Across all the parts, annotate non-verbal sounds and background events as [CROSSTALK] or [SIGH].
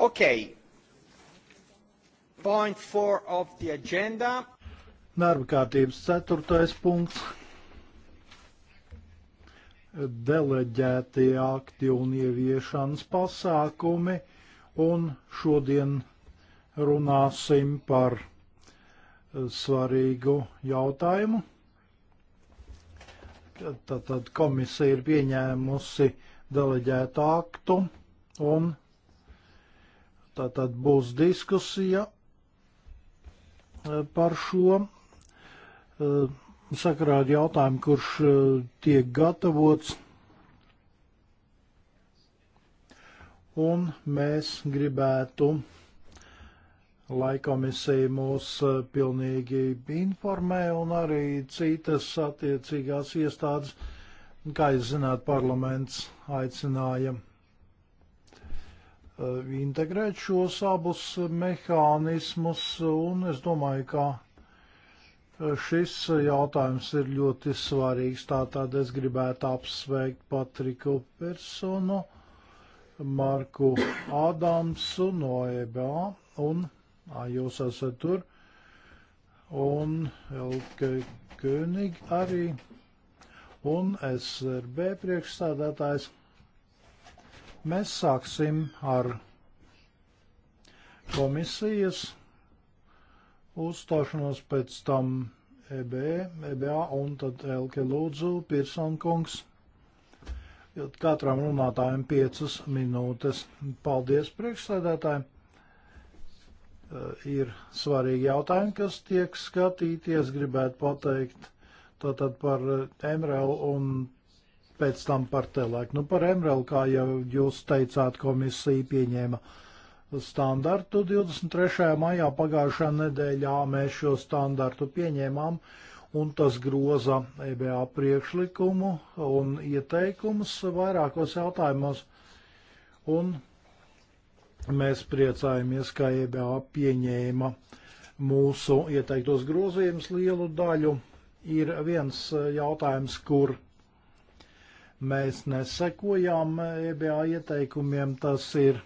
Okay. Point four of the agenda. Darba kārtības ceturtais punkts. Deleģētie akti un ieviešanas pasākumi. Un šodien runāsim par eh, svarīgu jautājumu. Tad, tad komisija ir pieņēmusi deleģētu aktu un Tātad būs diskusija e, par šo e, sakarā ar jautājumu, kurš e, tiek gatavots. Un mēs gribētu, lai komisija mūs pilnīgi informē un arī citas attiecīgās iestādes. Kā jūs zināt, parlaments aicināja Eh, integrēt šos abus mehānismus, un es domāju, ka eh, šis jautājums ir ļoti svarīgs. Tātad es gribētu apsveikt Patriku Personu, Marku Adamsu no EBA, un a, jūs esat tur, un Elke König arī, un SRB priekšstādātājs. Mēs sāksim ar komisijas uzstāšanos pēc tam EB, EBA un tad Elke Lūdzu, Pirsonkungs. Katram runātājam piecas minūtes. Paldies priekšsēdētājiem! ir svarīgi jautājumi, kas tiek skatīties, gribētu pateikt tātad par MRL un pēc tam par telēku. Nu, par MRL, kā jau jūs teicāt, komisija pieņēma standartu 23. maijā pagājušā nedēļā. Mēs šo standartu pieņēmām, un tas groza EBA priekšlikumu un ieteikumus vairākos jautājumos. Un mēs priecājamies, ka EBA pieņēma mūsu ieteiktos grozījumus lielu daļu. Ir viens jautājums, kur Mēs nesekojām EBA ieteikumiem, tas ir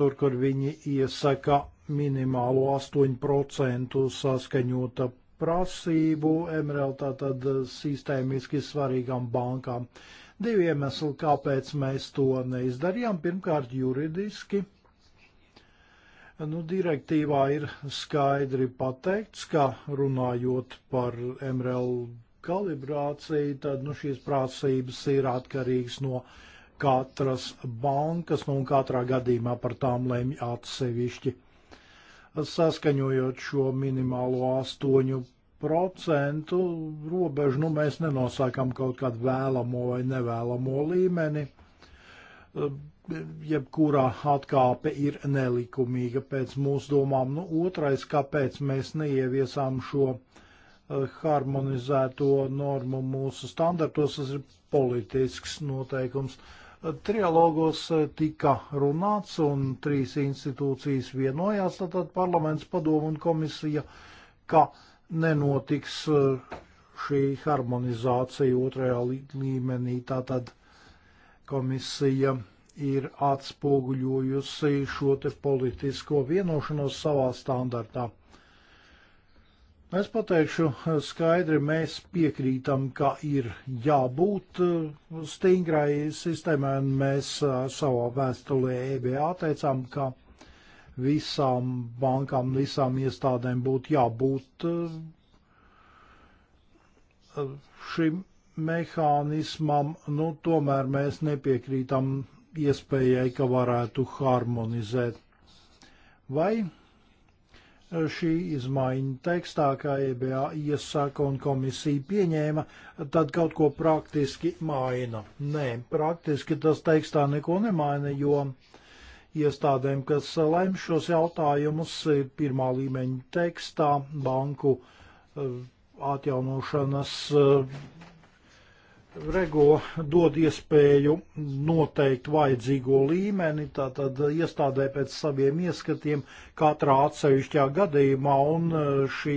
tur, kur viņi iesaka minimālo 8% saskaņota prasību MRL tātad sistēmiski svarīgām bankām. Divi iemesli, kāpēc mēs to neizdarījām. Pirmkārt, juridiski. Nu, direktīvā ir skaidri pateikts, ka runājot par MRL kalibrācija, tad nu, šīs prasības ir atkarīgas no katras bankas, nu, un katrā gadījumā par tām lemj atsevišķi. Saskaņojot šo minimālo 8% robežu, nu, mēs nenosakām kaut kādu vēlamo vai nevēlamo līmeni. Jebkurā atkāpe ir nelikumīga pēc mūsu domām. Nu, otrais, kāpēc mēs neieviesām šo uh, harmonizēto normu mūsu standartos, tas ir politisks noteikums. Trialogos tika runāts un trīs institūcijas vienojās, tātad parlaments, padomu un komisija, ka nenotiks uh, šī harmonizācija otrajā līmenī. Tātad komisija ir atspoguļojusi šo te politisko vienošanos savā standartā. Es pateikšu eh, skaidri, mēs piekrītam, ka ir jābūt eh, stingrai sistēmai, un mēs eh, savā vēstulē EBA teicām, ka visām bankām, visām iestādēm būtu jābūt šim mehānismam, nu, tomēr mēs nepiekrītam iespējai, ka varētu harmonizēt. Vai šī izmaiņa tekstā, kā EBA iesaka un komisija pieņēma, tad kaut ko praktiski maina. Nē, praktiski tas tekstā neko nemaina, jo iestādēm, kas lem šos jautājumus pirmā līmeņa tekstā, banku eh, atjaunošanas eh, Regula dod iespēju noteikt vajadzīgo līmeni, tātad iestādē pēc saviem ieskatiem katrā atsevišķā gadījumā, un e, šī,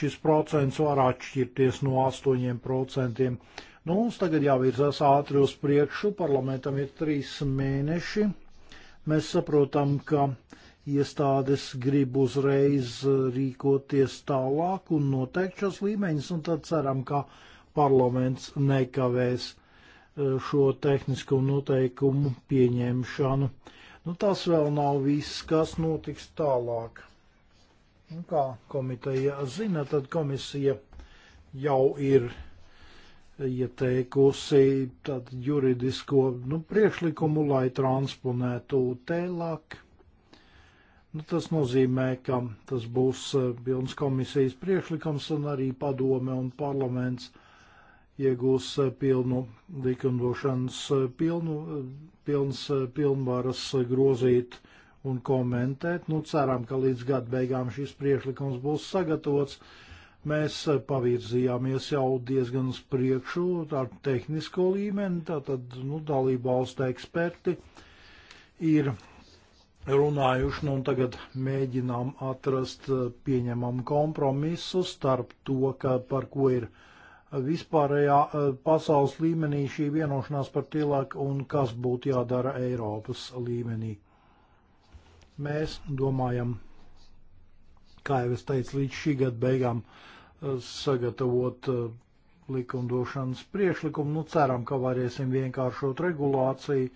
šis procents var atšķirties no 8%. Nu, mums tagad jāvirzās ātri uz priekšu, parlamentam ir trīs mēneši. Mēs saprotam, ka iestādes grib uzreiz rīkoties tālāk un noteikt šos līmeņus, un tad ceram, ka parlaments nekavēs eh, šo tehnisko noteikumu pieņemšanu. Nu, tas vēl nav viss, kas notiks tālāk. Nu, kā komiteja zina, tad komisija jau ir ieteikusi tad juridisko nu, priekšlikumu, lai transponētu tēlāk. Nu, tas nozīmē, ka tas būs eh, pilns komisijas priekšlikums un arī padome un parlaments iegūs eh, pilnu likumdošanas eh, pilnu, eh, pilns, pilnvaras grozīt un komentēt. Nu, ceram, ka līdz gada beigām šis priekšlikums būs sagatavots. Mēs pavirzījāmies jau diezgan uz priekšu ar tehnisko līmeni, tātad nu, dalību valstu eksperti ir runājuši, nu, un tagad mēģinām atrast pieņemam kompromisu starp to, ka, par ko ir Eh, vispārējā eh, pasaules līmenī šī vienošanās par tilāku un kas būtu jādara Eiropas līmenī. Mēs domājam, kā jau es teicu, līdz šī gada beigām eh, sagatavot likumdošanas priekšlikumu. Nu, ceram, ka varēsim vienkāršot regulāciju.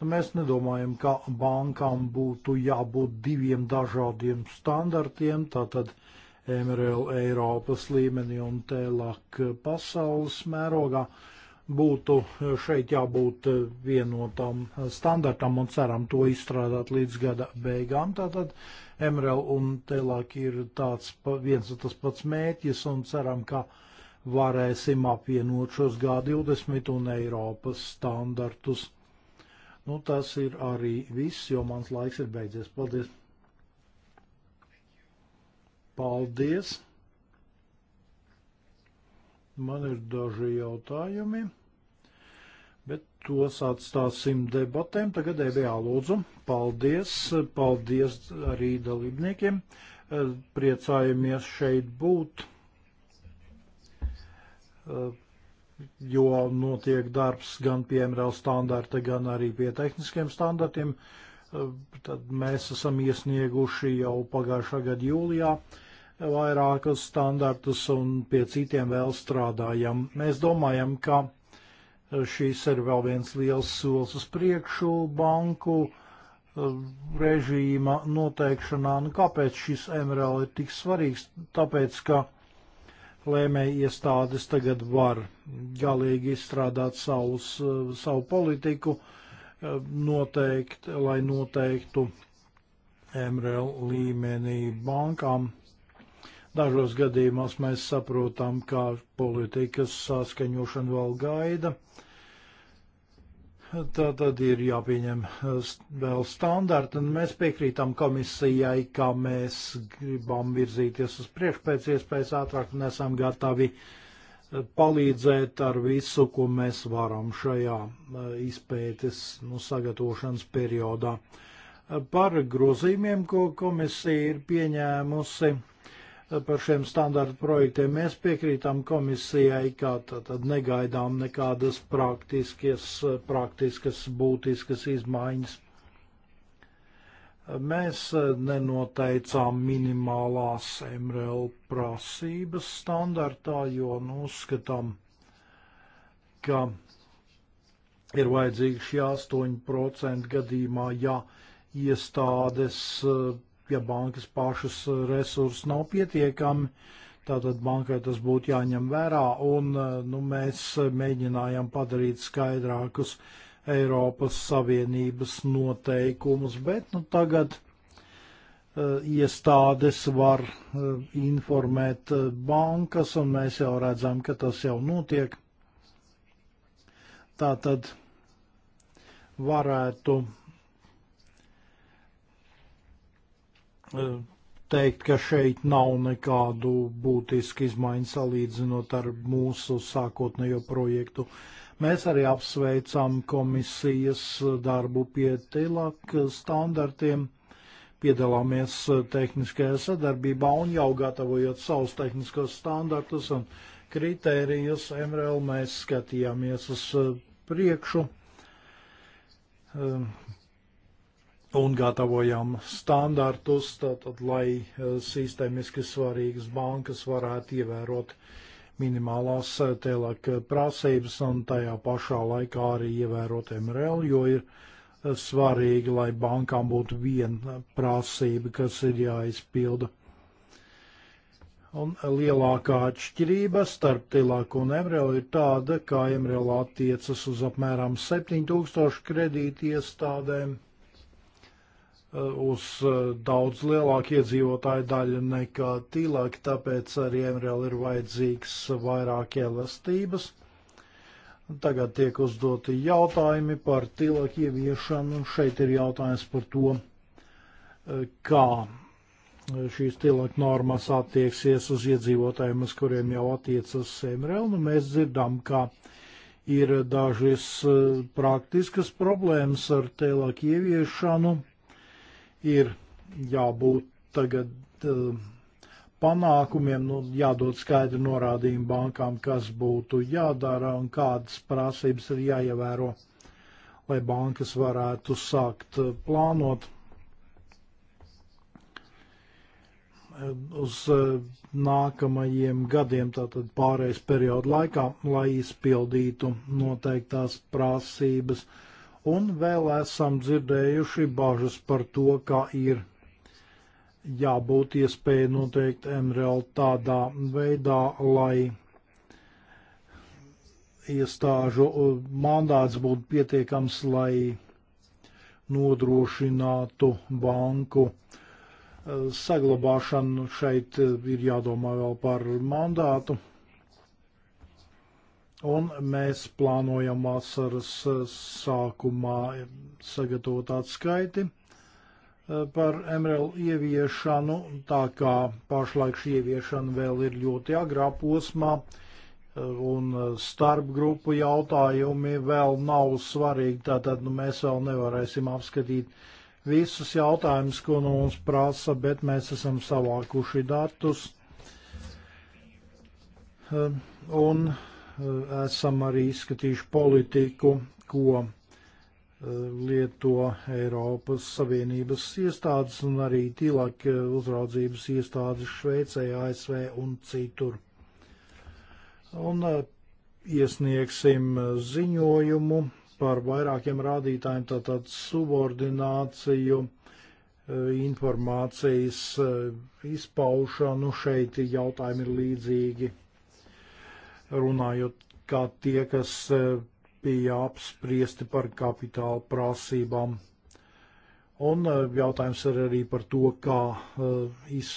Nu, mēs nedomājam, ka bankām būtu jābūt diviem dažādiem standartiem. Tātad, uh, MRL Eiropas līmenī un tēlāk pasaules mērogā. Būtu eh, šeit jābūt eh, vienotam eh, standartam un ceram to izstrādāt līdz gada beigām. Tātad MRL un tēlāk ir tāds viens un tas pats mēķis un ceram, ka varēsim apvienot šos G20 un Eiropas standartus. Nu, tas ir arī viss, jo mans laiks ir beidzies. Paldies! Paldies! Man ir daži jautājumi, bet tos atstāsim debatēm. Tagad EBA lūdzu. Paldies! Paldies arī dalībniekiem! Eh, priecājamies šeit būt, eh, jo notiek darbs gan pie MRL standarta, gan arī pie tehniskiem standartiem. Eh, tad mēs esam iesnieguši jau pagājušā gada jūlijā vairākus standartus un pie citiem vēl strādājam. Mēs domājam, ka šīs ir vēl viens liels solis uz priekšu banku eh, režīma noteikšanā. Nu, kāpēc šis MRL ir tik svarīgs? Tāpēc, ka lēmēji iestādes tagad var galīgi izstrādāt savus, eh, savu politiku, eh, noteikt, lai noteiktu MRL līmenī bankām Dažos gadījumos mēs saprotam, kā politikas saskaņošana vēl gaida. Tā tad ir jāpieņem eh, vēl standarti, un mēs piekrītam komisijai, ka mēs gribam virzīties uz priekšu pēc iespējas ātrāk un esam gatavi eh, palīdzēt ar visu, ko mēs varam šajā eh, izpētes nu, sagatavošanas periodā. Par grozījumiem, ko komisija ir pieņēmusi, par šiem standartu projektiem. Mēs piekrītam komisijai, ka tad negaidām nekādas praktiskas, praktiskas būtiskas izmaiņas. Mēs nenoteicām minimālās MRL prasības standartā, jo nu, uzskatām, ka ir vajadzīgi šie 8% gadījumā, ja iestādes ja bankas pašas resursi nav pietiekami, tātad bankai tas būtu jāņem vērā, un nu, mēs mēģinājām padarīt skaidrākus Eiropas Savienības noteikumus, bet nu, tagad eh, iestādes var eh, informēt eh, bankas, un mēs jau redzam, ka tas jau notiek. Tā tad varētu teikt, ka šeit nav nekādu būtisku izmaiņu salīdzinot ar mūsu sākotnējo projektu. Mēs arī apsveicam komisijas darbu pie tilak standartiem, piedalāmies tehniskajā sadarbībā un jau gatavojot savus tehniskos standartus un kritērijus, MRL mēs skatījāmies uz priekšu un gatavojam standartus, tātad, lai e, sistēmiski svarīgas bankas varētu ievērot minimālās e, tēlāk e, prasības un tajā pašā laikā arī ievērot MRL, jo ir svarīgi, lai bankām būtu viena prasība, kas ir jāizpilda. Un lielākā atšķirība starp tilāku un MRL ir tāda, ka MRL attiecas uz apmēram 7000 kredīti iestādēm uz eh, daudz lielāku iedzīvotāju daļu nekā tīlāk, tāpēc arī MRL ir vajadzīgs vairāk elastības. Tagad tiek uzdoti jautājumi par tīlāk ieviešanu. Šeit ir jautājums par to, eh, kā šīs tīlāk normas attieksies uz iedzīvotājiem, uz kuriem jau attiecas MRL. Nu, mēs dzirdam, ka ir dažas eh, praktiskas problēmas ar tīlāk ieviešanu ir jābūt tagad eh, panākumiem, nu, jādod skaidri norādījumi bankām, kas būtu jādara un kādas prasības ir jāievēro, lai bankas varētu sākt eh, plānot. Uz eh, nākamajiem gadiem, tātad pārējais periodu laikā, lai izpildītu noteiktās prasības, uh, Un vēl esam dzirdējuši bažas par to, ka ir jābūt iespēja noteikt MRL tādā veidā, lai iestāžu uh, mandāts būtu pietiekams, lai nodrošinātu banku uh, saglabāšanu. Šeit uh, ir jādomā vēl par mandātu. Un mēs plānojam vasaras eh, sākumā sagatavot atskaiti eh, par MRL ieviešanu, tā kā pašlaik šī ieviešana vēl ir ļoti agrā posmā eh, un starpgrupu jautājumi vēl nav svarīgi, tātad nu, mēs vēl nevarēsim apskatīt visus jautājumus, ko no nu mums prasa, bet mēs esam savākuši datus. Un Eh, esam arī izskatījuši politiku, ko eh, lieto Eiropas Savienības iestādes un arī tīlāk eh, uzraudzības iestādes Šveicē, ASV un citur. Un iesniegsim ziņojumu par vairākiem rādītājiem, tātad subordināciju, informācijas izpaušanu. Šeit jautājumi ir līdzīgi runājot kā tie, kas eh, bija apspriesti par kapitāla prasībām. Un eh, jautājums ir arī par to, kā, eh, iz,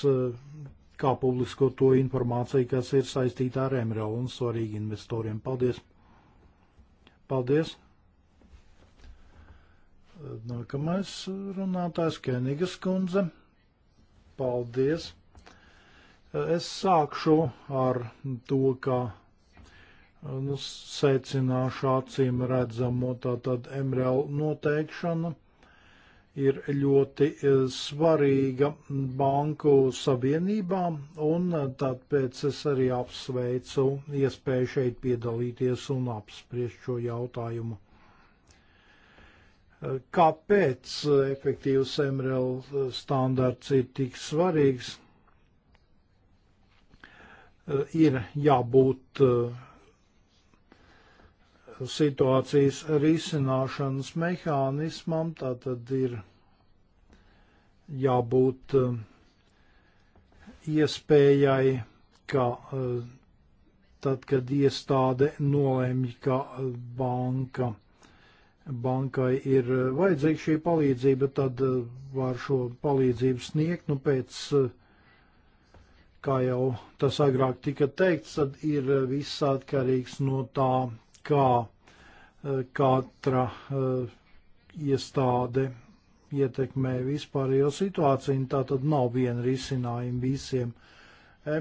kā publisko to informāciju, kas ir saistīta ar MRL un svarīgi investoriem. Paldies! Paldies! Nākamais runātājs Kenigas kundze. Paldies! Es sākšu ar to, ka nu, secināšu acīm redzamo, tātad MRL noteikšana ir ļoti e, svarīga banku savienībā, un e, tāpēc es arī apsveicu iespēju šeit piedalīties un apspriest šo jautājumu. E, kāpēc efektīvs MRL standarts ir tik svarīgs? Ir jābūt situācijas risināšanas mehānismam, tātad ir jābūt um, iespējai, ka uh, tad, kad iestāde nolēmj, ka uh, banka, bankai ir uh, vajadzīga šī palīdzība, tad var šo palīdzību sniegt, nu pēc kā jau tas agrāk tika teikts, tad ir viss atkarīgs no tā, kā eh, katra eh, iestāde ietekmē vispārējo situāciju, un tā tad nav viena risinājuma visiem.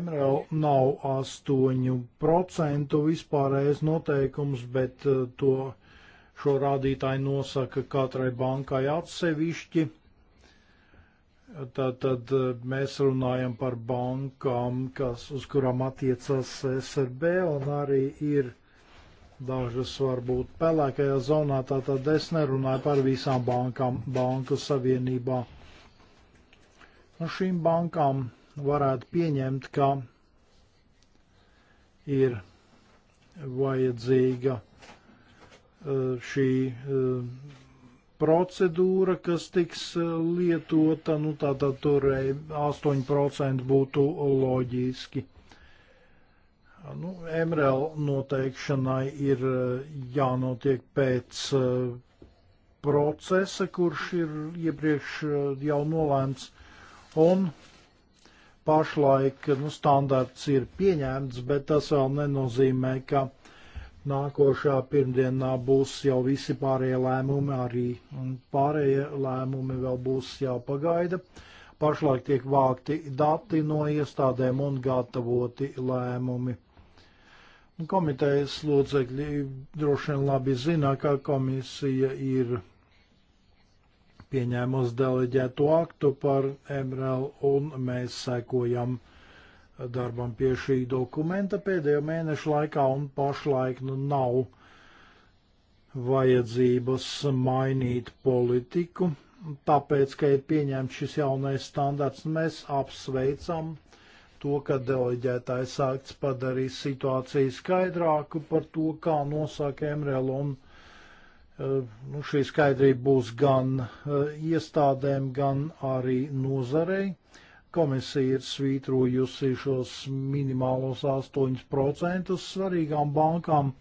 MRL nav 8% vispārējais noteikums, bet eh, to šo rādītāju nosaka katrai bankai atsevišķi. Tātad mēs runājam par bankām, kas, uz kurām attiecas SRB un arī ir Dažas var būt pelēkajā zonā, tātad es nerunāju par visām bankām Banku Savienībā. Nu, šīm bankām varētu pieņemt, ka ir vajadzīga e, šī e, procedūra, kas tiks e, lietota, nu tātad tur 8% būtu loģiski. Nu, MRL noteikšanai ir eh, jānotiek pēc eh, procesa, kurš ir iepriekš eh, jau nolēmts, un pašlaik nu, standarts ir pieņemts, bet tas vēl nenozīmē, ka nākošā pirmdienā būs jau visi pārējie lēmumi, arī pārējie lēmumi vēl būs jāpagaida. Pašlaik tiek vākti dati no iestādēm un gatavoti lēmumi. Komitejas locekļi droši vien labi zina, ka komisija ir pieņēmusi deleģēto aktu par MRL, un mēs sekojam darbam pie šī dokumenta pēdējo mēnešu laikā, un pašlaik nu nav vajadzības mainīt politiku, tāpēc, ka ir pieņemts šis jaunais standarts, mēs apsveicam to, ka deleģētājs akts padarīs situāciju skaidrāku par to, kā nosāk MRL, un eh, nu, šī skaidrība būs gan eh, iestādēm, gan arī nozarei. Komisija ir svītrojusi šos minimālos 8% svarīgām bankām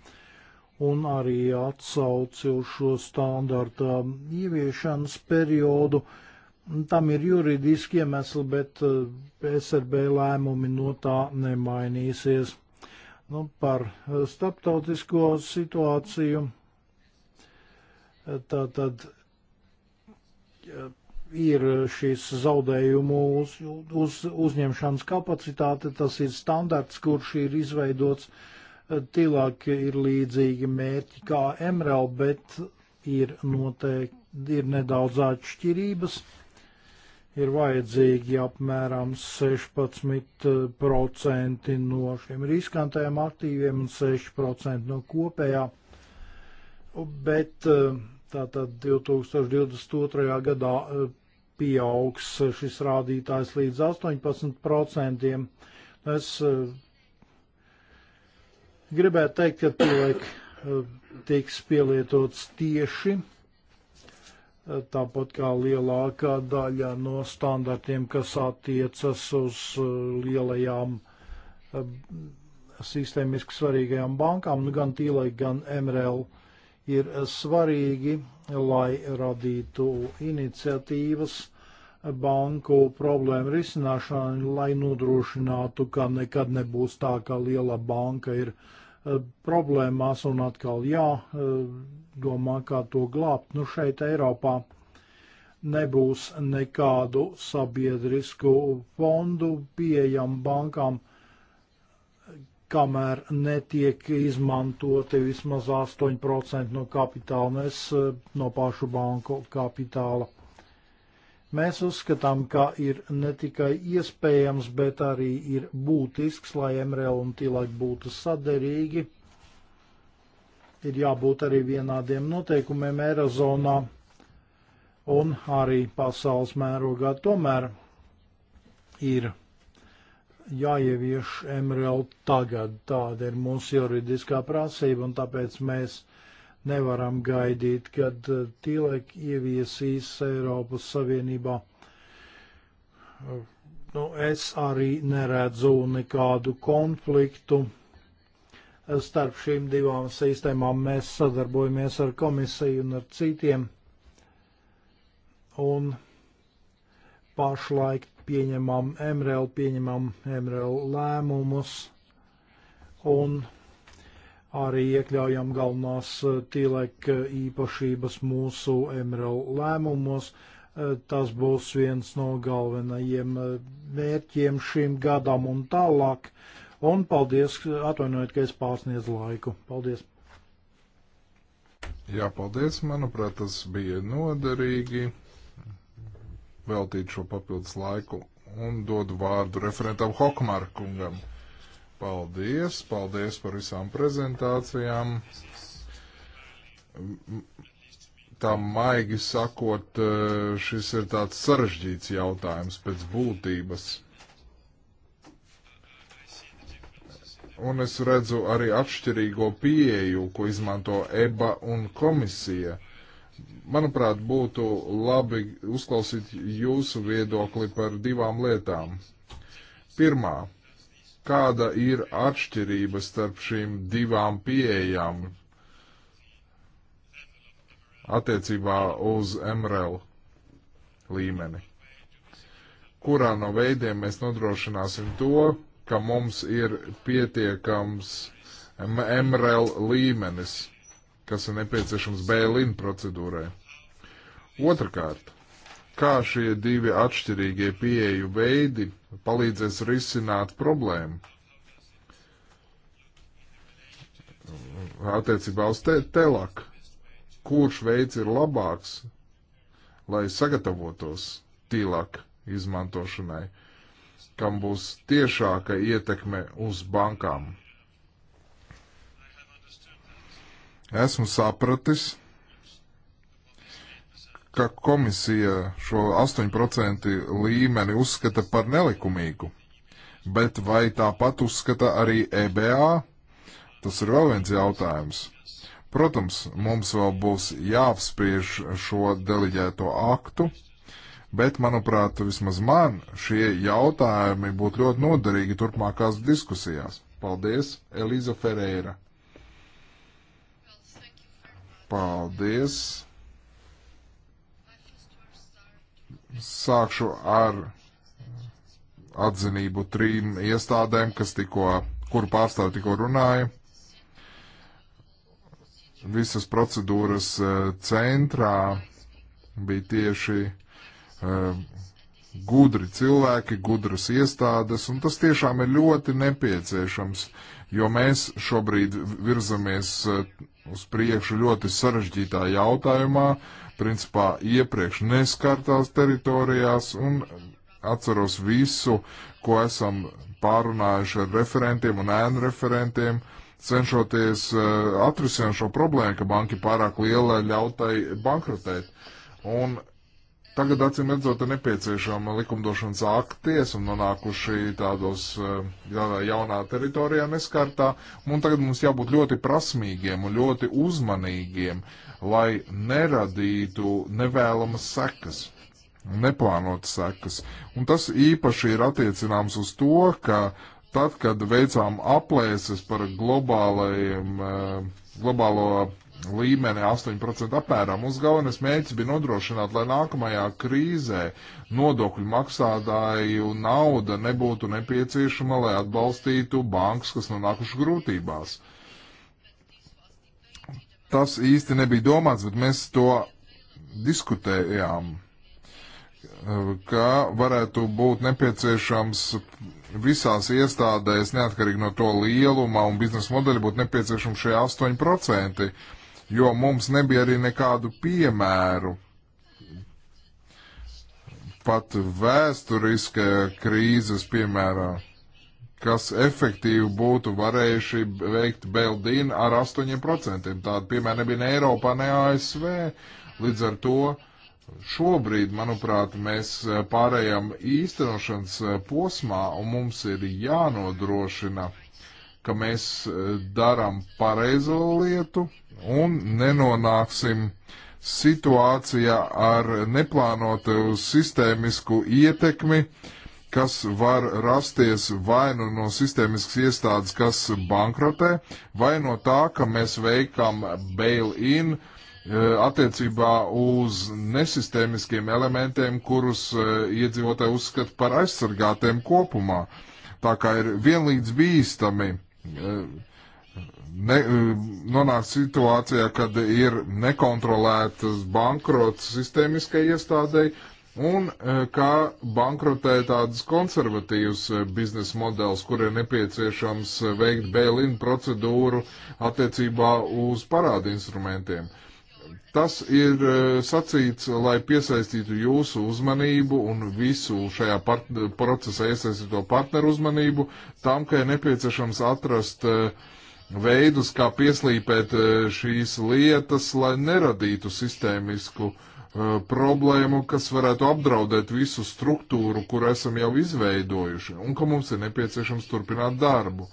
un arī atsauci uz šo standarta ieviešanas periodu. Uh, Tam ir juridiski iemesli, bet eh, SRB lēmumi no tā nemainīsies. Nu, par eh, starptautisko situāciju. Eh, tā tad ir šis zaudējumu uz, uz, uzņemšanas kapacitāte, tas ir standarts, kurš ir izveidots. Tilāk ir līdzīgi mērķi kā MRL, bet ir noteikti, ir nedaudz atšķirības. Uh, ir vajadzīgi apmēram 16% no šiem riskantajiem aktīviem un 6% no kopējā. Bet eh, tātad 2022. gadā eh, pieaugs šis rādītājs līdz 18%. Es eh, gribētu teikt, ka pieliek tiks pielietots tieši tāpat kā lielākā daļa no standartiem, kas attiecas uz uh, lielajām uh, sistēmiski svarīgajām bankām, nu, gan tīlai, gan MRL, ir svarīgi, lai radītu iniciatīvas banku problēmu risināšanai, lai nodrošinātu, ka nekad nebūs tā, ka liela banka ir Eh, problēmās un atkal jādomā, eh, kā to glābt. Nu, šeit Eiropā nebūs nekādu sabiedrisku fondu pieejam bankām, kamēr netiek izmantoti vismaz 8% no kapitāla, nes eh, no pašu banku kapitāla. Mēs uzskatām, ka ir ne tikai iespējams, bet arī ir būtisks, lai MRL un TILAK būtu saderīgi. Ir jābūt arī vienādiem noteikumiem Eirozonā un arī pasaules mērogā. Tomēr ir jāievieš MRL tagad. Tāda ir mūsu juridiskā prasība, un tāpēc mēs nevaram gaidīt, kad eh, tīlēk ieviesīs Eiropas Savienībā. Nu, es arī neredzu nekādu konfliktu. Starp šīm divām sistēmām mēs sadarbojamies ar komisiju un ar citiem. Un pašlaik pieņemam MRL, pieņemam MRL lēmumus. Un arī iekļaujam galvenās eh, tīlēk eh, īpašības mūsu MRL lēmumos. Eh, tas būs viens no galvenajiem mērķiem šim gadam un tālāk. Un paldies, atvainojiet, ka es pārsniedzu laiku. Paldies! Jā, paldies. Manuprāt, tas bija noderīgi veltīt šo papildus laiku un dodu vārdu referentam Hokmārkungam. kungam. Paldies, paldies par visām prezentācijām. Tā maigi sakot, eh, šis ir tāds sarežģīts jautājums pēc būtības. Un es redzu arī atšķirīgo pieeju, ko izmanto EBA un komisija. Manuprāt, būtu labi uzklausīt jūsu viedokli par divām lietām. Pirmā kāda ir atšķirība starp šīm divām pieejām attiecībā uz MRL līmeni. Kurā no veidiem mēs nodrošināsim to, ka mums ir pietiekams MRL līmenis, kas ir nepieciešams BLIN procedūrai? Otrakārt, kā šie divi atšķirīgie pieeju veidi palīdzēs risināt problēmu. Attiecībā uz te, telak, kurš veids ir labāks, lai sagatavotos tīlāk izmantošanai, kam būs tiešāka ietekme uz bankām. Esmu sapratis, ka komisija šo 8% līmeni uzskata par nelikumīgu, bet vai tāpat uzskata arī EBA? Tas ir vēl viens jautājums. Protams, mums vēl būs jāapspriež šo deliģēto aktu, bet, manuprāt, vismaz man šie jautājumi būtu ļoti noderīgi turpmākās diskusijās. Paldies, Elīza Ferreira. Paldies Sākšu ar atzinību trim iestādēm, kas tikko, kuru pārstāvi tikko runāja. Visas procedūras e, centrā bija tieši e, gudri cilvēki, gudras iestādes, un tas tiešām ir ļoti nepieciešams, jo mēs šobrīd virzamies e, uz priekšu ļoti sarežģītā jautājumā, principā iepriekš neskartās teritorijās un atceros visu, ko esam pārunājuši ar referentiem un ēnu referentiem, cenšoties uh, atrisināt šo problēmu, ka banki pārāk liela ļautai bankrotēt. Un tagad, acīm redzot, ir nepieciešama likumdošanas akties un nonākuši tādos uh, jaunā teritorijā neskartā. Un tagad mums jābūt ļoti prasmīgiem un ļoti uzmanīgiem uh, lai neradītu nevēlamas sekas, neplānotas sekas. Un tas īpaši ir attiecināms uz to, ka tad, kad veicām aplēses par globālajiem, eh, globālo līmeni 8% apmērā. Mums galvenais mērķis bija nodrošināt, lai nākamajā krīzē nodokļu maksātāju nauda nebūtu nepieciešama, lai atbalstītu bankas, kas nonākuši grūtībās tas īsti nebija domāts, bet mēs to diskutējām, ka varētu būt nepieciešams visās iestādēs, neatkarīgi no to lieluma un biznesa modeļa, būtu nepieciešams šie 8%, jo mums nebija arī nekādu piemēru. Pat vēsturiskajā krīzes piemērā kas efektīvi būtu varējuši veikt Beldīnu ar 8%. Tāda piemēra nebija ne Eiropā, ne ASV. Līdz ar to šobrīd, manuprāt, mēs eh, pārējām īstenošanas eh, posmā un mums ir jānodrošina, ka mēs eh, darām pareizo lietu un nenonāksim situācijā ar neplānotu sistēmisku ietekmi uh, kas var rasties vai nu no sistēmiskas iestādes, kas bankrotē, vai no tā, ka mēs veikam bail-in eh, attiecībā uz nesistēmiskiem elementiem, kurus eh, iedzīvotāji uzskata par aizsargātiem kopumā. Tā kā ir vienlīdz bīstami eh, ne, nonāk situācijā, kad ir nekontrolētas bankrots sistēmiskai iestādēji, un e, kā bankrotē tādas konservatīvas e, biznesa modeļas, kur ir nepieciešams e, veikt bēlinu procedūru attiecībā uz parādu instrumentiem. Tas ir sacīts, lai piesaistītu jūsu uzmanību un visu šajā part procesā iesaistīto partneru uzmanību tam, ka ir nepieciešams atrast veidus, kā pieslīpēt šīs lietas, lai neradītu sistēmisku uh, Eh, problēmu, kas varētu apdraudēt visu struktūru, kur esam jau izveidojuši, un ka mums ir nepieciešams turpināt darbu.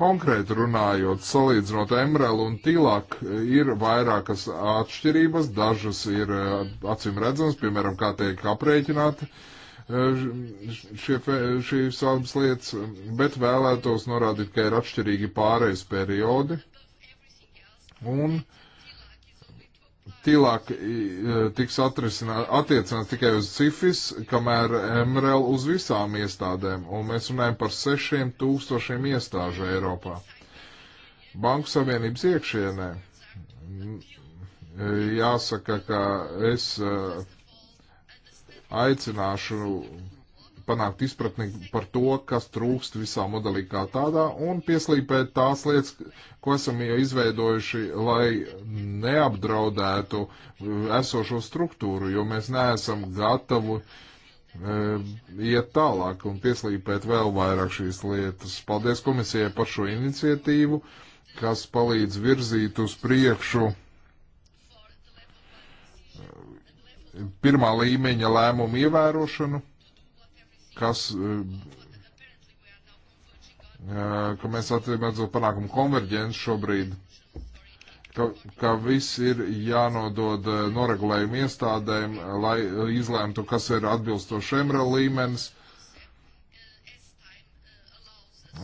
Konkrēti runājot, salīdzinot MRL un TILAK, eh, ir vairākas atšķirības, dažas ir eh, acīm redzamas, piemēram, kā tiek aprēķināti šie, šīs abas lietas, bet vēlētos norādīt, ka ir atšķirīgi pārējais periodi, un uh, Tīlāk e, tiks attiecināts tikai uz CIFIS, kamēr MRL uz visām iestādēm, un mēs runājam par sešiem tūkstošiem iestāžu Eiropā. Banku savienības iekšienē e, jāsaka, ka es e, aicināšu panākt izpratni par to, kas trūkst visā modelī kā tādā, un pieslīpēt tās lietas, ko esam jau izveidojuši, lai neapdraudētu esošo struktūru, jo mēs neesam gatavi e, iet tālāk un pieslīpēt vēl vairāk šīs lietas. Paldies komisijai par šo iniciatīvu, kas palīdz virzīt uz priekšu e, pirmā līmeņa lēmumu ievērošanu kas eh, eh, ka mēs atzīmēdzot panākumu konverģenci šobrīd, ka, ka viss ir jānodod eh, noregulējumu iestādēm, lai izlēmtu, kas ir atbilstoši emra līmenis.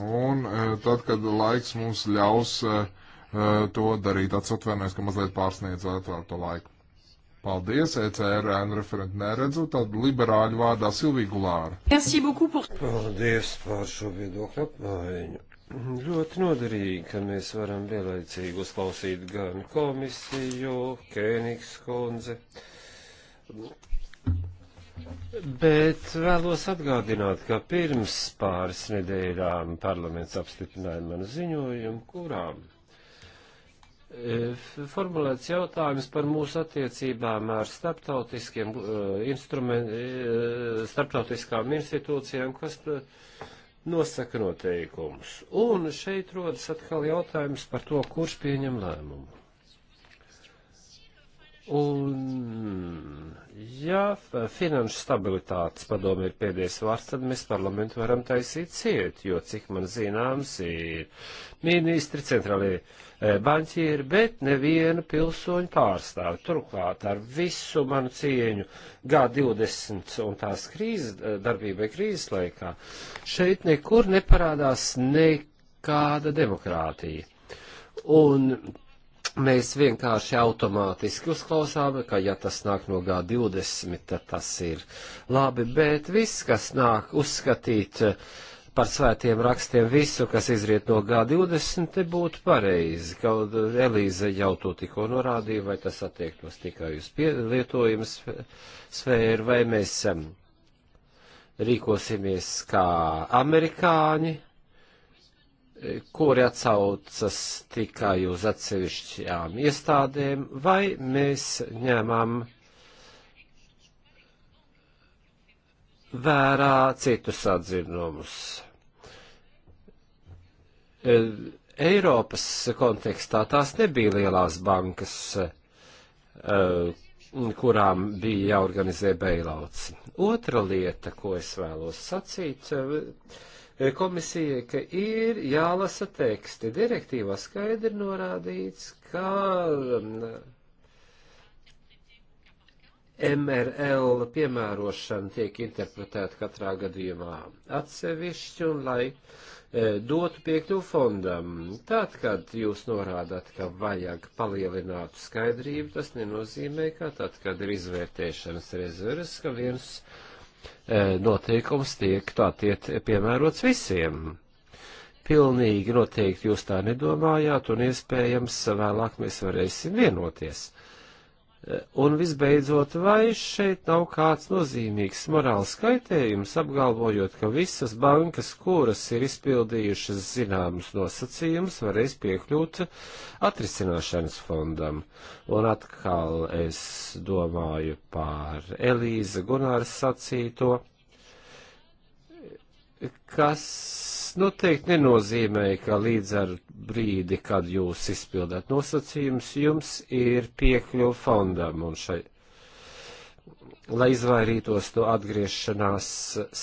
Un tad, kad laiks mums ļaus to darīt, atsatvenojas, ka mazliet pārsniedz atvēlto laiku. Paldies, ECR ēnu referentu neredzu, tad liberāļu vārdā Silvija Gulāra. Paldies par šo viedokļu apmaiņu. Ļoti noderīgi, ka mēs varam vienlaicīgi uzklausīt gan komisiju, Kēnigs kundze, bet vēlos atgādināt, ka pirms pāris nedēļām parlaments apstiprināja manu ziņojumu, kurām formulēts jautājums par mūsu attiecībām ar starptautiskiem eh, eh, starptautiskām institūcijām, kas eh, nosaka noteikumus. Un šeit rodas atkal jautājums par to, kurš pieņem lēmumu. Un Ja finanšu stabilitātes padome ir pēdējais vārds, tad mēs parlamentu varam taisīt ciet, jo, cik man zināms, ir ministri, centrālie e, banķieri, bet neviena pilsoņu pārstāvi. Turklāt ar visu manu cieņu G20 un tās krīzes, e, darbībai krīzes laikā, šeit nekur neparādās nekāda demokrātija. Un mēs vienkārši automātiski uzklausām, ka ja tas nāk no G20, tad tas ir labi, bet viss, kas nāk uzskatīt eh, par svētiem rakstiem, visu, kas izriet no G20, te būtu pareizi. Kaut eh, Elīze jau to tikko norādīja, vai tas attiektos tikai uz lietojumu sfēru, vai mēs rīkosimies kā amerikāņi kuri atsaucas tikai uz atsevišķām iestādēm, vai mēs ņemam vērā citus atzinumus. E, Eiropas kontekstā tās nebija lielās bankas, e, kurām bija jāorganizē beilauts. Otra lieta, ko es vēlos sacīt, ir e, E, komisijai, ka ir jālasa teksti. Direktīvā skaidri norādīts, ka MRL um, piemērošana tiek interpretēta katrā gadījumā atsevišķi un lai e, dotu piekļuvu fondam. Tad, kad jūs norādāt, ka vajag palielināt skaidrību, tas nenozīmē, ka tad, kad ir izvērtēšanas rezerves, ka viens E, noteikums tiek tā tiek piemērots visiem. Pilnīgi noteikti jūs tā nedomājāt, un iespējams vēlāk mēs varēsim vienoties Un visbeidzot, vai šeit nav kāds nozīmīgs morāls skaitējums, apgalvojot, ka visas bankas, kuras ir izpildījušas zināmus nosacījumus, varēs piekļūt atrisināšanas fondam. Un atkal es domāju par Elīza Gunāras sacīto, kas noteikti nu, nenozīmē, ka līdz ar brīdi, kad jūs izpildāt nosacījumus, jums ir piekļuva fondam un šai, lai izvairītos no atgriešanās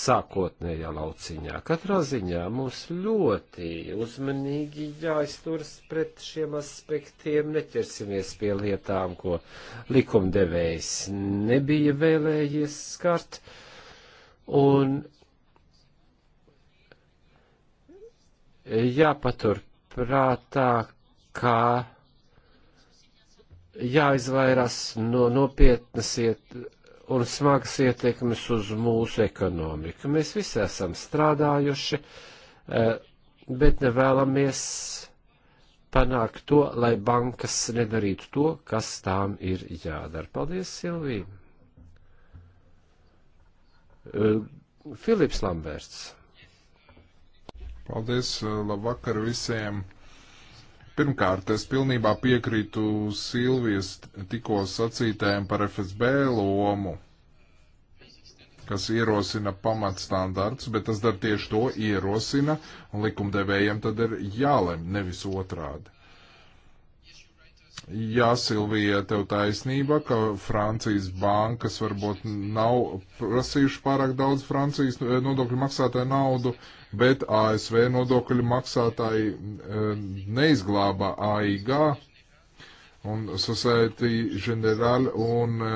sākotnējā lauciņā. Katrā ziņā mums ļoti uzmanīgi jāizturas pret šiem aspektiem, neķersimies pie lietām, ko likumdevējs nebija vēlējies skart. Un jāpatur prātā, kā jāizvairās no nopietnas iet un smagas ietekmes uz mūsu ekonomiku. Mēs visi esam strādājuši, eh, bet nevēlamies panākt to, lai bankas nedarītu to, kas tām ir jādara. Paldies, Silvija! Eh, Filips Lamberts. Paldies, eh, labvakar visiem! Pirmkārt, es pilnībā piekrītu Silvijas tikko sacītējiem par FSB lomu, kas ierosina pamatstandards, bet tas dar tieši to ierosina, un likumdevējiem tad ir jālem, nevis otrādi. Jā, Silvija, tev taisnība, ka Francijas bankas varbūt nav prasījuši pārāk daudz Francijas eh, nodokļu maksātāju naudu, bet ASV nodokļu maksātāji eh, neizglāba AIG un Society General un eh,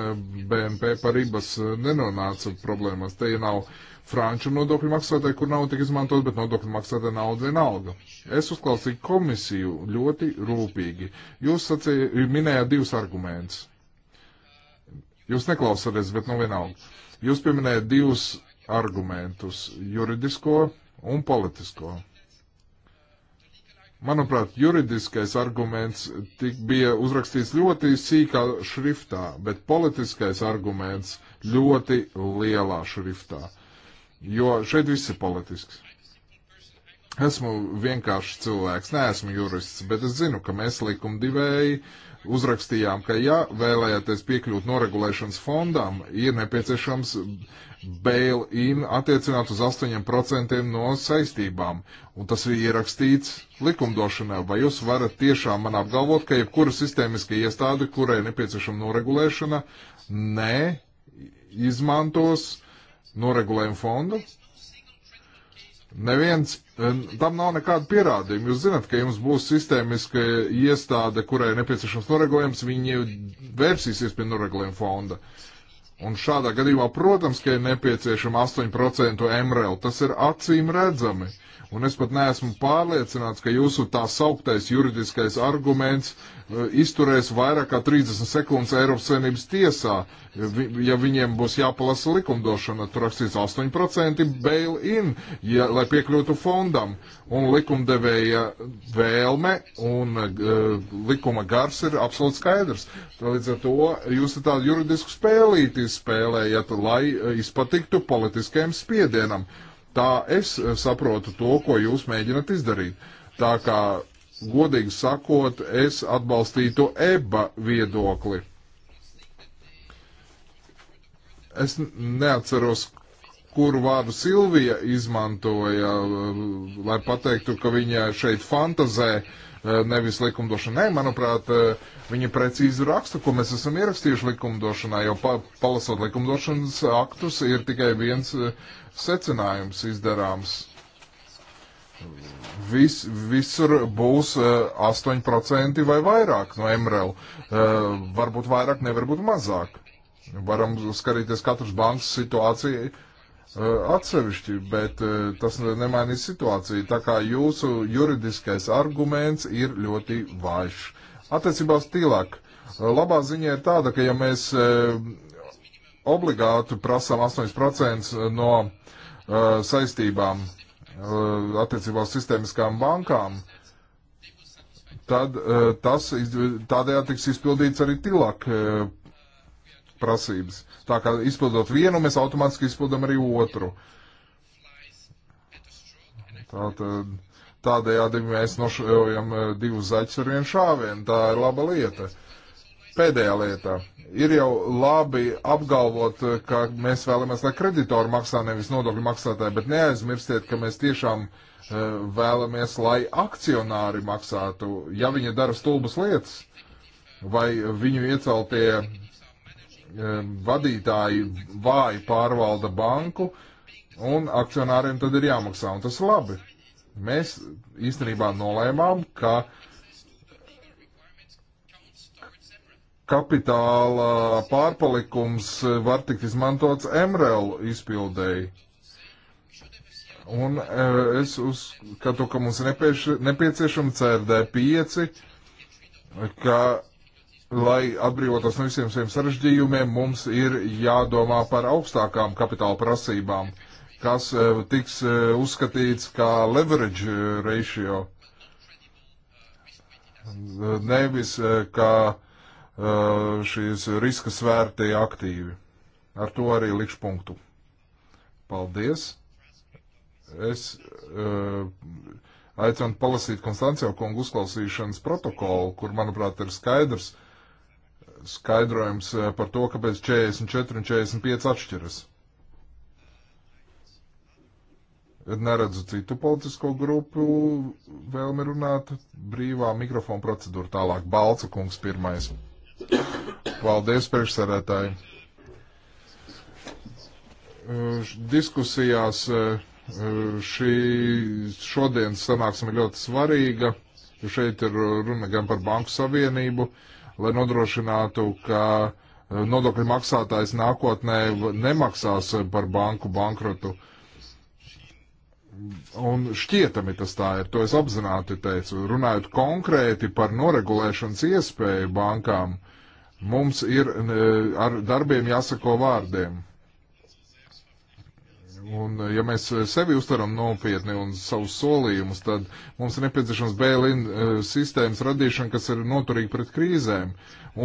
BNP Paribas nenonāca problēmas. Te nav franču nodokļu maksātāji, kur nav tik izmantot, bet nodokļu maksātāja nauda vienalga. Es uzklausīju komisiju ļoti rūpīgi. Jūs sacīja, minējāt divus argumentus. Jūs neklausāties, bet nu vienalga. Jūs pieminējat divus argumentus - juridisko un politisko. Manuprāt, juridiskais arguments tik bija uzrakstīts ļoti sīkā šriftā, bet politiskais arguments ļoti lielā šriftā. Uh, jo šeit viss ir politisks. Esmu vienkāršs cilvēks, neesmu jurists, bet es zinu, ka mēs likumdevēji uzrakstījām, ka ja vēlējāties piekļūt noregulēšanas fondam, ir nepieciešams bail-in attiecināt uz 8% no saistībām. Un tas ir ierakstīts likumdošanā. Vai jūs varat tiešām man apgalvot, ka jebkura sistēmiska iestāde, kurai nepieciešama noregulēšana, ne izmantos noregulējumu fondu. Neviens, eh, tam nav nekāda pierādījuma. Jūs zināt, ka jums būs sistēmiska iestāde, kurai nepieciešams noregulējums, viņi vērsīsies pie noregulējuma fonda. Un šādā gadījumā, protams, ka ir nepieciešama 8% MRL. Tas ir acīm redzami. Uh, Un es pat neesmu pārliecināts, ka jūsu tā sauktais juridiskais arguments e, izturēs vairāk kā 30 sekundes Eiropas Savienības tiesā, ja viņiem būs jāpalasa likumdošana. Tur rakstīts 8% bail-in, ja, lai piekļūtu fondam. Un likumdevēja vēlme un uh, likuma gars ir absolūti skaidrs. Tā līdz ar to jūs tādu juridisku spēlīti spēlējat, lai e, izpatiktu politiskajam spiedienam. Uh, Tā es eh, saprotu to, ko jūs mēģinat izdarīt. Tā kā, godīgi sakot, es atbalstītu EBA viedokli. Es neatceros, kuru vārdu Silvija izmantoja, eh, lai pateiktu, ka viņa šeit fantazē eh, nevis likumdošana. Nē, manuprāt, viņa precīzi raksta, ko mēs esam ierakstījuši likumdošanā, jo pa, palasot likumdošanas aktus ir tikai viens secinājums izdarāms. Vis, visur būs uh, eh, 8% vai vairāk no MRL. Uh, eh, varbūt vairāk, nevar būt mazāk. Varam skatīties katras bankas situāciju uh, atsevišķi, bet uh, tas nemainīs situāciju. Tā kā jūsu juridiskais arguments ir ļoti vājš. Attiecībā uz tīlāk. Labā ziņa ir tāda, ka ja mēs obligāti prasām 8% no uh, saistībām uh, attiecībā uz sistēmiskām bankām, tad uh, tas tādējādi tiks izpildīts arī tilāk uh, prasības. Tā kā izpildot vienu, mēs automātiski izpildam arī otru. Tātad, tādējādi mēs nošaujam divus zaķus ar vienu šāvienu. Tā ir laba lieta. Pēdējā lietā ir jau labi apgalvot, eh, ka mēs vēlamies, lai kreditori maksā nevis nodokļu maksātāji, bet neaizmirstiet, ka mēs tiešām uh, vēlamies, lai akcionāri maksātu, ja viņi dara stulbas lietas, vai viņu ieceltie uh, vadītāji vāji pārvalda banku, un akcionāriem tad ir jāmaksā, un tas ir labi. Mēs īstenībā nolēmām, ka uh, kapitāla pārpalikums var tikt izmantots MRL izpildēji. Un e, es uzskatu, ka mums nepieciešama CRD 5, ka, lai atbrīvotos no visiem saviem sarežģījumiem, mums ir jādomā par augstākām kapitāla prasībām, kas e, tiks e, uzskatīts kā leverage ratio. Nevis, kā Uh, šīs riska svērtie aktīvi. Ar to arī likšu punktu. Paldies! Es uh, aicinu palasīt Konstancijo kungu uzklausīšanas protokolu, kur, manuprāt, ir skaidrs skaidrojums uh, par to, kāpēc 44 un 45 atšķiras. Neredzu citu politisko grupu vēlmi runāt. Brīvā mikrofona procedūra tālāk. Balca kungs pirmais. Paldies, priekšsarētāji. Diskusijās e, e, šī šodienas sanāksme ļoti svarīga. Šeit ir runa gan par Banku Savienību, lai nodrošinātu, ka e, nodokļu maksātājs nākotnē nemaksās par banku bankrotu. Un šķietami tas tā ir, to es apzināti teicu. Runājot konkrēti par noregulēšanas iespēju bankām, Mums ir e, ar darbiem jāsako vārdiem. Un, ja mēs sevi uztveram nopietni un savus solījumus, tad mums ir nepieciešams bail-in e, sistēmas radīšana, kas ir noturīga pret krīzēm.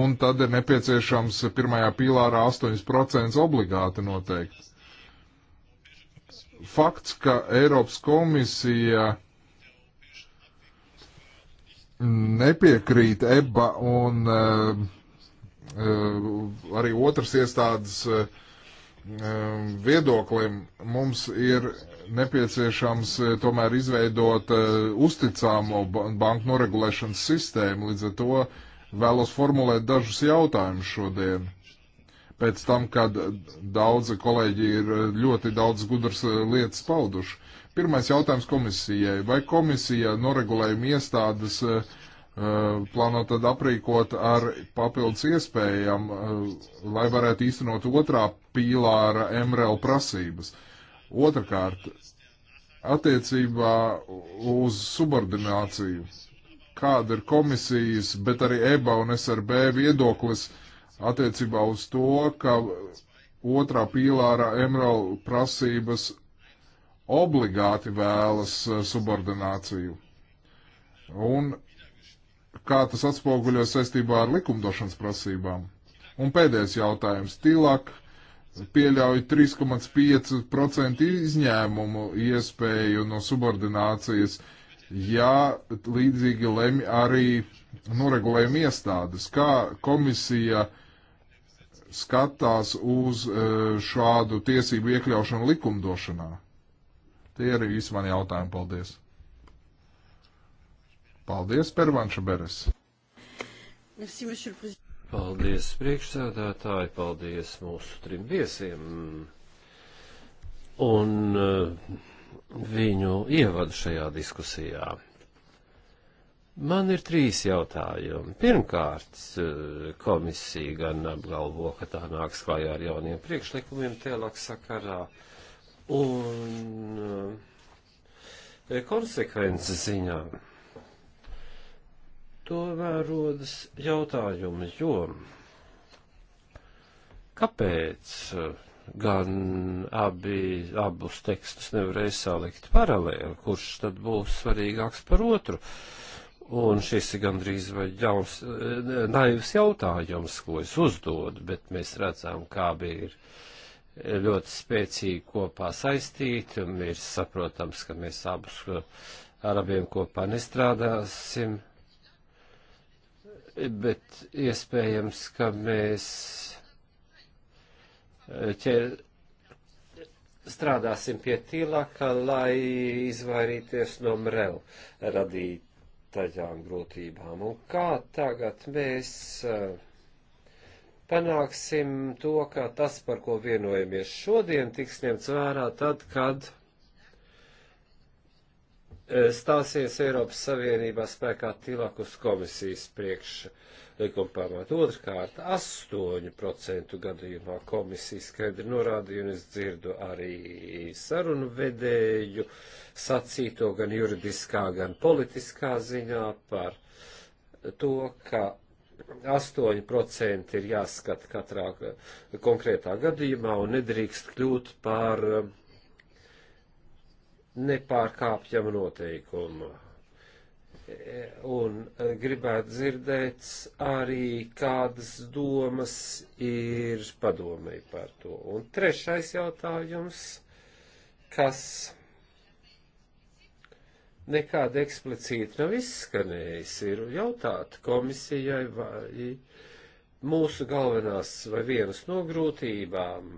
Un tad ir nepieciešams pirmajā pīlārā 8% obligāti noteikti. Fakts, ka Eiropas komisija nepiekrīt EBA un uh, Eh, arī otras iestādes eh, eh, viedoklim mums ir nepieciešams tomēr izveidot uzticāmo banku noregulēšanas sistēmu. Līdz ar to vēlos formulēt dažus jautājumus šodien. Pēc tam, kad daudzi kolēģi ir ļoti daudz gudras lietas pauduši. Pirmais jautājums komisijai. Vai komisija noregulējuma iestādes uh, plāno tad aprīkot ar papildus iespējām, lai varētu īstenot otrā pīlāra MRL prasības. Otrakārt, attiecībā uz subordināciju. Kāda ir komisijas, bet arī EBA un SRB viedoklis attiecībā uz to, ka otrā pīlāra MRL prasības obligāti vēlas subordināciju. Un kā tas atspoguļojas saistībā ar likumdošanas prasībām. Un pēdējais jautājums. Tīlāk pieļauj 3,5% izņēmumu iespēju no subordinācijas, ja līdzīgi lemj arī noregulējuma iestādes. Kā komisija skatās uz e, šādu tiesību iekļaušanu likumdošanā? Tie ir visi mani jautājumi. Paldies! Paldies, Pervanša Beres. Paldies, priekšsēdētāji, paldies mūsu trim viesiem un eh, viņu ievadu šajā diskusijā. Man ir trīs jautājumi. Pirmkārt, eh, komisija gan apgalvo, ka tā nāks klājā ar jauniem priekšlikumiem tēlāk sakarā, un eh, konsekvences ziņā Tomēr rodas jautājumi, jo kāpēc eh, gan abi, abus tekstus nevarēja salikt paralēli, kurš tad būs svarīgāks par otru? Un šis ir gandrīz vai jauns, eh, naivs jautājums, ko es uzdodu, bet mēs redzam, kā bija ir ļoti spēcīgi kopā saistīti, un ir saprotams, ka mēs abus eh, ar abiem kopā nestrādāsim bet iespējams, ka mēs eh, ķer, strādāsim pie tīlākā, lai izvairīties no mrel radītajām grūtībām. Un kā tagad mēs eh, panāksim to, ka tas, par ko vienojamies šodien, tiks ņemts vērā tad, kad Eh, stāsies Eiropas Savienībā spēkā tilakus komisijas priekšlikuma pamata. Otrkārt, 8% gadījumā komisija skaidri norādīja, un es dzirdu arī sarunu vedēju sacīto gan juridiskā, gan politiskā ziņā par to, ka 8% ir jāskata katrā konkrētā gadījumā un nedrīkst kļūt par uh, nepārkāpjama noteikuma. Un gribētu dzirdēt arī, kādas domas ir padomēji par to. Un trešais jautājums, kas nekāda eksplicīti nav izskanējis, ir jautāt komisijai vai mūsu galvenās vai vienas no grūtībām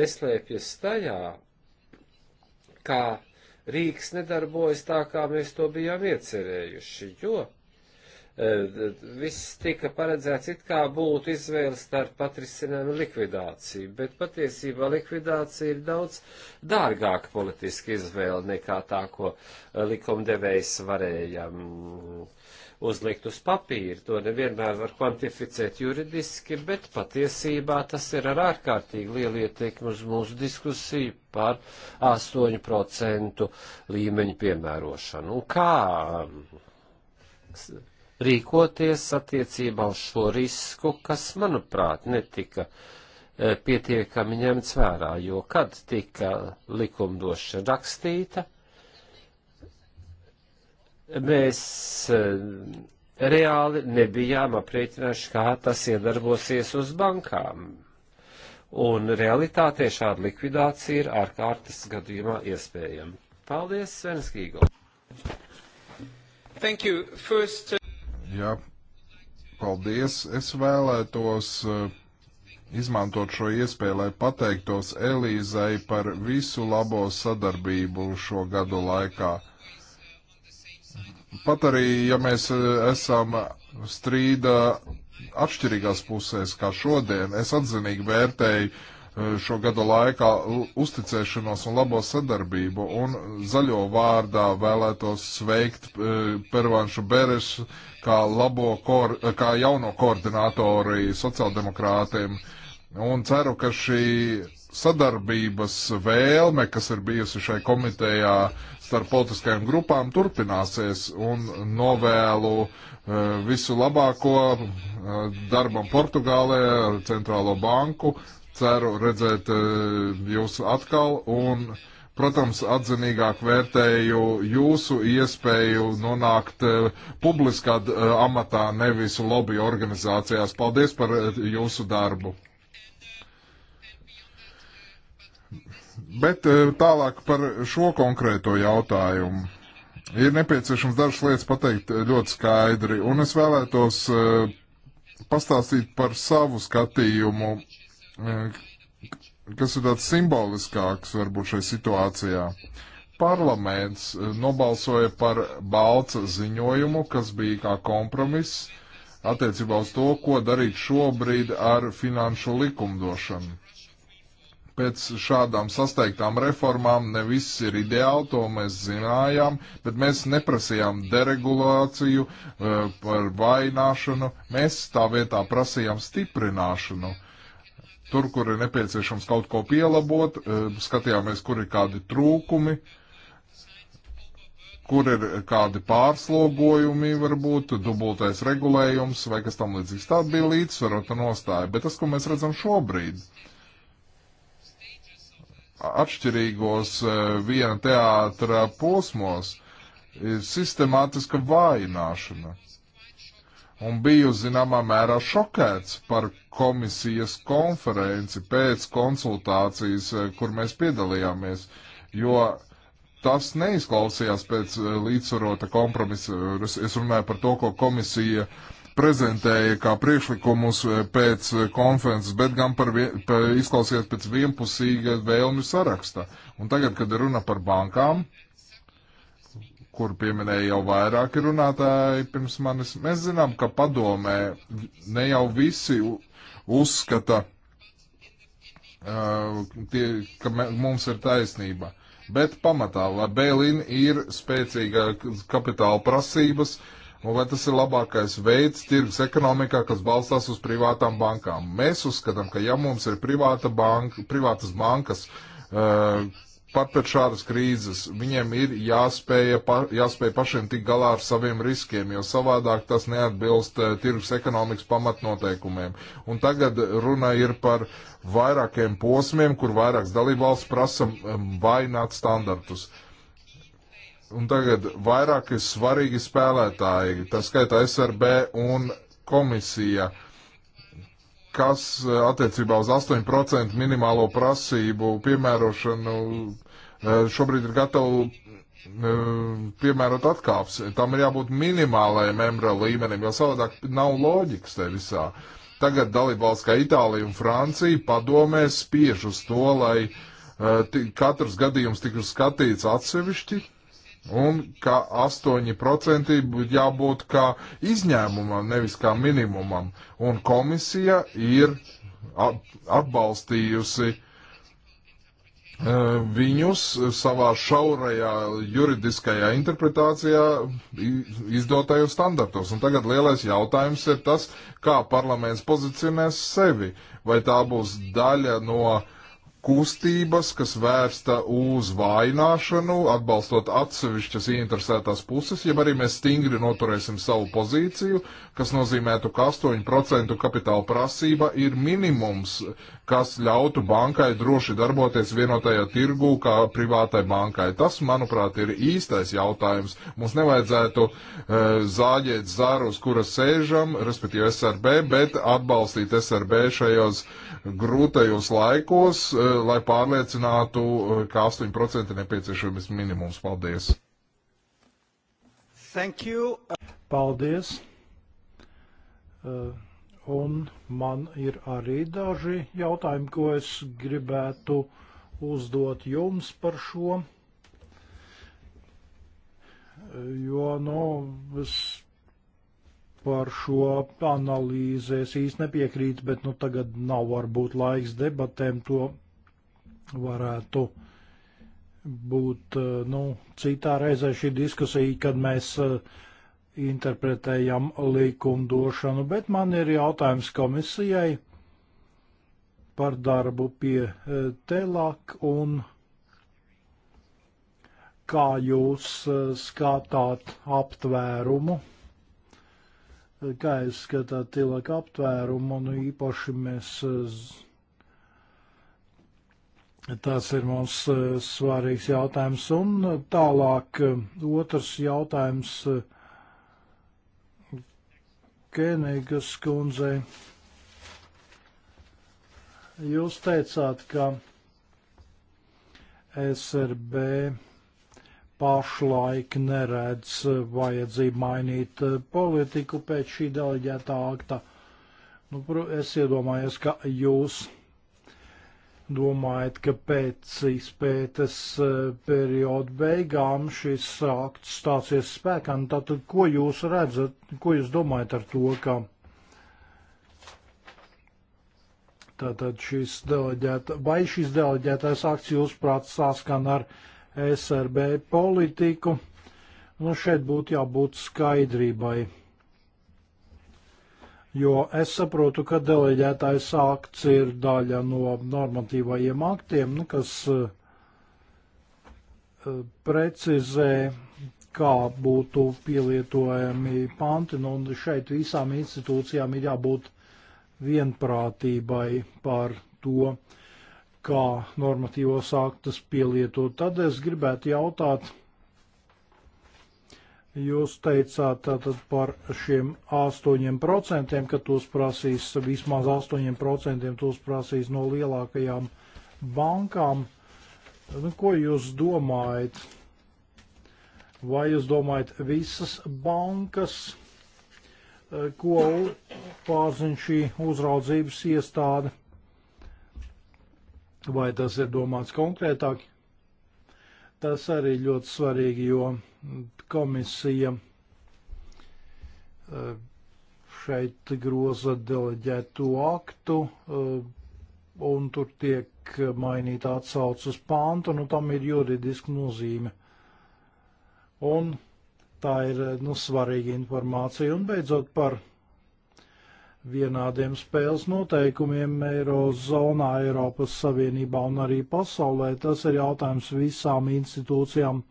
neslēpjas tajā, kā Rīgas nedarbojas tā, kā mēs to bijām iecerējuši, jo e, viss tika paredzēts it kā būtu izvēle starp patrisinājumu likvidāciju, bet patiesībā likvidācija ir daudz dārgāka politiska izvēle nekā tā, ko e, likumdevējs varēja mm, uzlikt uz papīra. To nevienmēr var kvantificēt juridiski, bet patiesībā tas ir ar ārkārtīgi lielu ietekmi uz mūsu diskusiju par 8% līmeņu piemērošanu. Un kā um, rīkoties attiecībā uz šo risku, kas, manuprāt, netika e, pietiekami ņemts vērā, jo kad tika likumdošana rakstīta, mēs e, reāli nebijām aprēķinājuši, kā tas iedarbosies uz bankām. Un realitātē šāda likvidācija ir ārkārtas gadījumā iespējama. Paldies, Svenis Kīgo! Thank you. First... Uh, Jā, paldies. Es vēlētos e, izmantot šo iespēju, lai pateiktos Elīzai par visu labo sadarbību šo gadu laikā Pat arī, ja mēs e, esam strīda atšķirīgās pusēs, kā šodien, es atzinīgi vērtēju e, šo gadu laikā uzticēšanos un labo sadarbību, un zaļo vārdā vēlētos sveikt e, Pervanšu Berešu kā, labo, kor, kā jauno koordinātori sociāldemokrātiem, un ceru, ka šī sadarbības vēlme, kas ir bijusi šai komitejā starp politiskajām grupām, turpināsies un novēlu uh, visu labāko uh, darbam Portugālē ar Centrālo banku. Ceru redzēt uh, jūs atkal un, protams, atzinīgāk vērtēju jūsu iespēju nonākt publiskā amatā, nevis lobby organizācijās. Paldies par jūsu darbu! Bet eh, tālāk par šo konkrēto jautājumu. Ir nepieciešams dažas lietas pateikt eh, ļoti skaidri, un es vēlētos eh, pastāstīt par savu skatījumu, kas ir tāds simboliskāks varbūt šai situācijā. Parlaments nobalsoja par balca ziņojumu, kas bija kā kompromiss attiecībā uz to, ko darīt šobrīd ar finanšu likumdošanu pēc šādām sasteigtām reformām ne viss ir ideāli, to mēs zinājām, bet mēs neprasījām deregulāciju eh, par vaināšanu, mēs tā vietā prasījām stiprināšanu. Tur, kur ir nepieciešams kaut ko pielabot, eh, skatījāmies, kur ir kādi trūkumi, kur ir kādi pārslogojumi, varbūt dubultais regulējums vai kas tam līdzīgs. Tā bija līdzsvarota nostāja, bet tas, ko mēs redzam šobrīd, ir atšķirīgos e, viena teātra posmos ir sistemātiska vājināšana. Un biju zināmā mērā šokēts par komisijas konferenci pēc konsultācijas, e, kur mēs piedalījāmies, jo tas neizklausījās pēc e, līdzsvarota kompromisa. Es runāju par to, ko komisija uh, prezentēja kā priekšlikumus eh, pēc eh, konferences, bet gan par, par izklausīties pēc vienpusīga vēlmju saraksta. Un tagad, kad runa par bankām, kur pieminēja jau vairāki runātāji pirms manis, mēs zinām, ka padomē ne jau visi uzskata, uh, tie, ka mums ir taisnība. Bet pamatā, lai Bēlīna ir spēcīga kapitāla prasības, uh, Un nu, vai tas ir labākais veids tirgus ekonomikā, kas balstās uz privātām bankām? Mēs uzskatām, ka ja mums ir privāta banka, privātas bankas, uh, pat pēc šādas krīzes, viņiem ir jāspēja, pa, jāspēja pašiem tikt galā ar saviem riskiem, jo savādāk tas neatbilst uh, tirgus ekonomikas pamatnoteikumiem. Un tagad runa ir par vairākiem posmiem, kur vairākas dalībvalsts prasa um, mm, vainot standartus. Uh, Un tagad vairāki svarīgi spēlētāji, tā skaitā SRB un komisija, kas eh, attiecībā uz 8% minimālo prasību piemērošanu eh, šobrīd ir gatavi eh, piemērot atkāps. Tam ir jābūt minimālajam emra līmenim, jo savādāk nav loģikas te visā. Tagad dalībvalsts kā Itālija un Francija padomē spiež uz to, lai uh, katrs gadījums tiktu skatīts atsevišķi, un ka 8% jābūt kā izņēmumam, nevis kā minimumam. Un komisija ir atbalstījusi e, viņus savā šaurajā juridiskajā interpretācijā izdotajos standartos. Un tagad lielais jautājums ir tas, kā parlaments pozicionēs sevi. Vai tā būs daļa no uh, kustības, kas vērsta uz vaināšanu, atbalstot atsevišķas ieinteresētās puses, ja arī mēs stingri noturēsim savu pozīciju, kas nozīmētu, ka 8% kapitāla prasība ir minimums, kas ļautu bankai droši darboties vienotajā tirgū kā privātai bankai. Tas, manuprāt, ir īstais jautājums. Mums nevajadzētu e, zāģēt zāru, uz kuras sēžam, respektīvi SRB, bet atbalstīt SRB šajos. E, grūtajos laikos, eh, lai pārliecinātu, eh, ka 8% ir nepieciešams minimums. Paldies! Thank you. Paldies! Eh, un man ir arī daži jautājumi, ko es gribētu uzdot jums par šo. Jo, nu, es par šo analīzi es īsti nepiekrītu, bet nu tagad nav varbūt laiks debatēm, to varētu būt eh, nu, citā reizē šī diskusija, kad mēs eh, interpretējam likumdošanu, bet man ir jautājums komisijai par darbu pie eh, telak un kā jūs skatāt aptvērumu kā izskatā cilvēku aptvērumu, un nu, īpaši mēs, eh, tas ir mums eh, svarīgs jautājums. Un tālāk eh, otrs jautājums Kēnīgas kundzei. Jūs teicāt, ka SRB pašlaik neredz vajadzību mainīt eh, politiku pēc šī deleģētā akta. Nu, es iedomājos, ka jūs domājat, ka pēc izpētes eh, perioda beigām šis akts stāsies spēkā. Nu, tad, ko jūs redzat, ko jūs domājat ar to, ka tātad šis deleģēta, vai šis deleģētais akts jūs prāt saskan ar uh, SRB politiku. Nu, šeit būtu jābūt skaidrībai, jo es saprotu, ka deleģētājs akts ir daļa no normatīvajiem aktiem, nu, kas eh, precizē, kā būtu pielietojami panti, nu, un šeit visām institūcijām ir jābūt vienprātībai par to. Uh, kā normatīvos aktus pielietot. Tad es gribētu jautāt, jūs teicāt tātad par šiem 8%, ka tos prasīs, vismaz 8% tos prasīs no lielākajām bankām. Nu, ko jūs domājat? Vai jūs domājat visas bankas, eh, ko pārziņ šī uzraudzības iestāde? vai tas ir domāts konkrētāk. Tas arī ļoti svarīgi, jo komisija e, šeit groza deleģēto aktu, e, un tur tiek mainīta atsauce uz pāntu, nu tam ir juridiska nozīme. Un tā ir e, nu, svarīga informācija. Un beidzot par vienādiem spēles noteikumiem Eirozonā, Eiropas Savienībā un arī pasaulē. Tas ir jautājums visām institūcijām.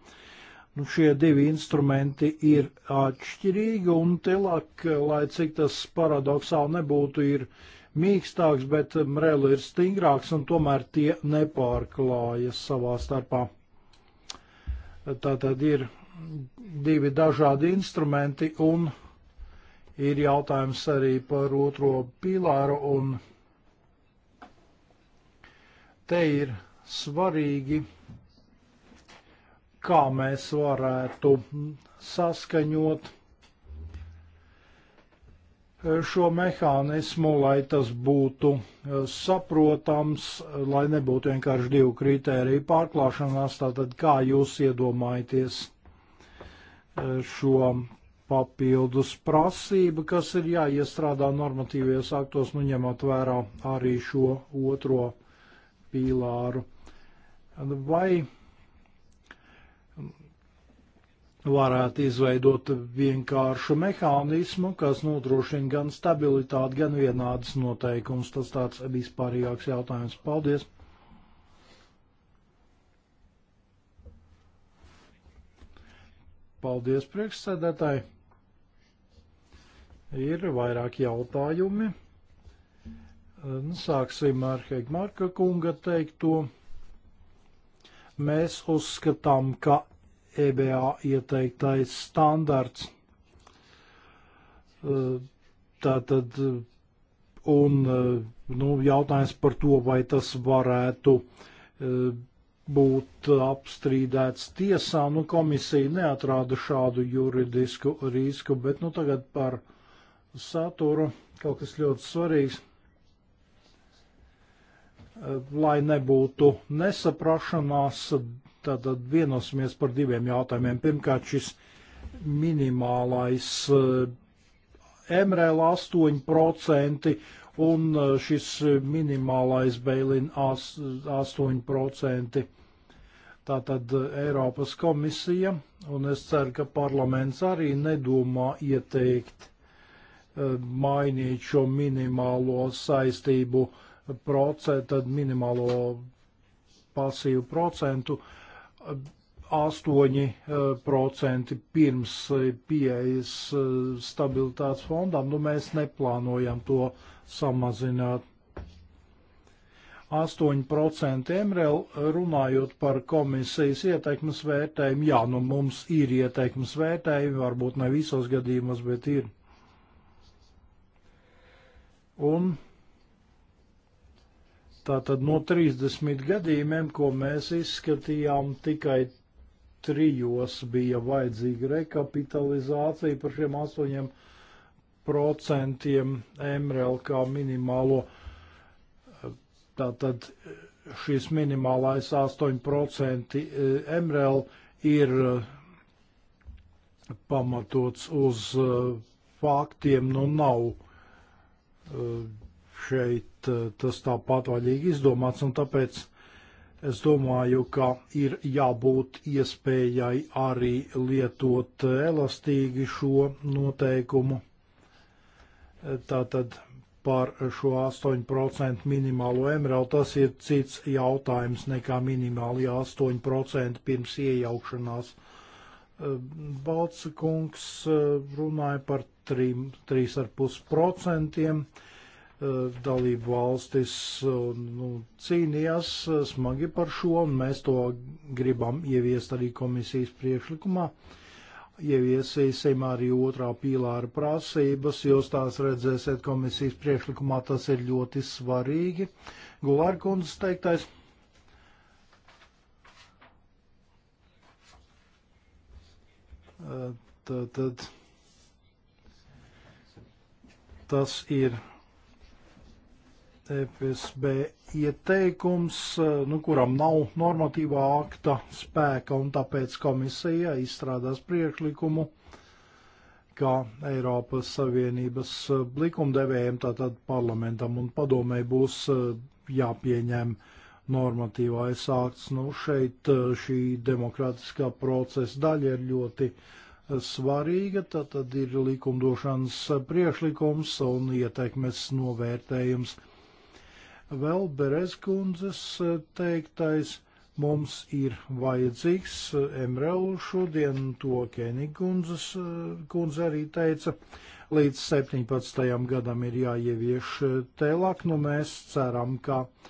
Nu, šie divi instrumenti ir atšķirīgi un tilāk, lai cik tas paradoxāli nebūtu, ir mīkstāks, bet mreli ir stingrāks un tomēr tie nepārklājas savā starpā. Tā tad ir divi dažādi instrumenti un ir jautājums arī par otro pīlāru, un te ir svarīgi, kā mēs varētu saskaņot šo mehānismu, lai tas būtu saprotams, lai nebūtu vienkārši divu kritēriju pārklāšanās, tātad kā jūs iedomājaties šo papildus prasība, kas ir jāiestrādā normatīvies aktos, nu ņemot vērā arī šo otro pīlāru. Vai varētu izveidot vienkāršu mehānismu, kas nodrošina gan stabilitāti, gan vienādas noteikumus. Tas tāds vispārīgāks jautājums. Paldies! Paldies priekšsēdētāji! Ir vairāki jautājumi. Sāksim ar Hegmarka kunga teikto. Mēs uzskatām, ka EBA ieteiktais standarts e, tātad un e, nu, jautājums par to, vai tas varētu e, būt apstrīdēts tiesā. Nu, komisija neatrāda šādu juridisku risku, bet nu, tagad par uh, saturu, kaut kas ļoti svarīgs, eh, lai nebūtu nesaprašanās, tad vienosimies par diviem jautājumiem. Pirmkārt, šis minimālais eh, MRL 8% un eh, šis minimālais Beilin 8%. Tātad Eiropas komisija, un es ceru, ka parlaments arī nedomā ieteikt mainīt šo minimālo saistību procentu, minimālo pasīvu procentu 8% eh, pirms pieejas eh, stabilitātes fondam, nu mēs neplānojam to samazināt. 8% MREL runājot par komisijas ieteikums vērtējumu. Jā, nu mums ir ieteikums vērtējumi, varbūt ne visos gadījumos, bet ir. Un tātad no 30 gadījumiem, ko mēs izskatījām, tikai trijos bija vajadzīga rekapitalizācija par šiem astoņiem procentiem MRL kā minimālo. Tātad šis minimālais 8% eh, MRL ir eh, pamatots uz eh, faktiem, nu nav šeit eh, tas tāpat vaļīgi izdomāts, un tāpēc es domāju, ka ir jābūt iespējai arī lietot elastīgi šo noteikumu. Tātad par šo 8% minimālo emerālu tas ir cits jautājums nekā minimālie 8% pirms iejaukšanās uh, Eh, Balca kungs eh, runāja par 3,5% eh, dalību valstis nu, cīnījās smagi par šo, un mēs to gribam ieviest arī komisijas priekšlikumā. Ieviesīsim arī otrā pīlāra prasības, jūs tās redzēsiet komisijas priekšlikumā, tas ir ļoti svarīgi. Gulārkundas teiktais Tātad tas ir FSB e ieteikums, nu, kuram nav normatīvā akta spēka, un tāpēc komisija izstrādās priekšlikumu, kā Eiropas Savienības likumdevējiem, tātad parlamentam un padomē būs jāpieņem uh, normatīvais akts. Nu, šeit eh, šī demokrātiskā procesa daļa ir ļoti eh, svarīga. Tad, tad ir likumdošanas priekšlikums un ieteikmes novērtējums. Vēl Berezkundzes eh, teiktais mums ir vajadzīgs. Emrelu šodien to Kenigundzes kundze arī teica. Līdz 17. gadam ir jāievieš telak, nu mēs ceram, ka uh,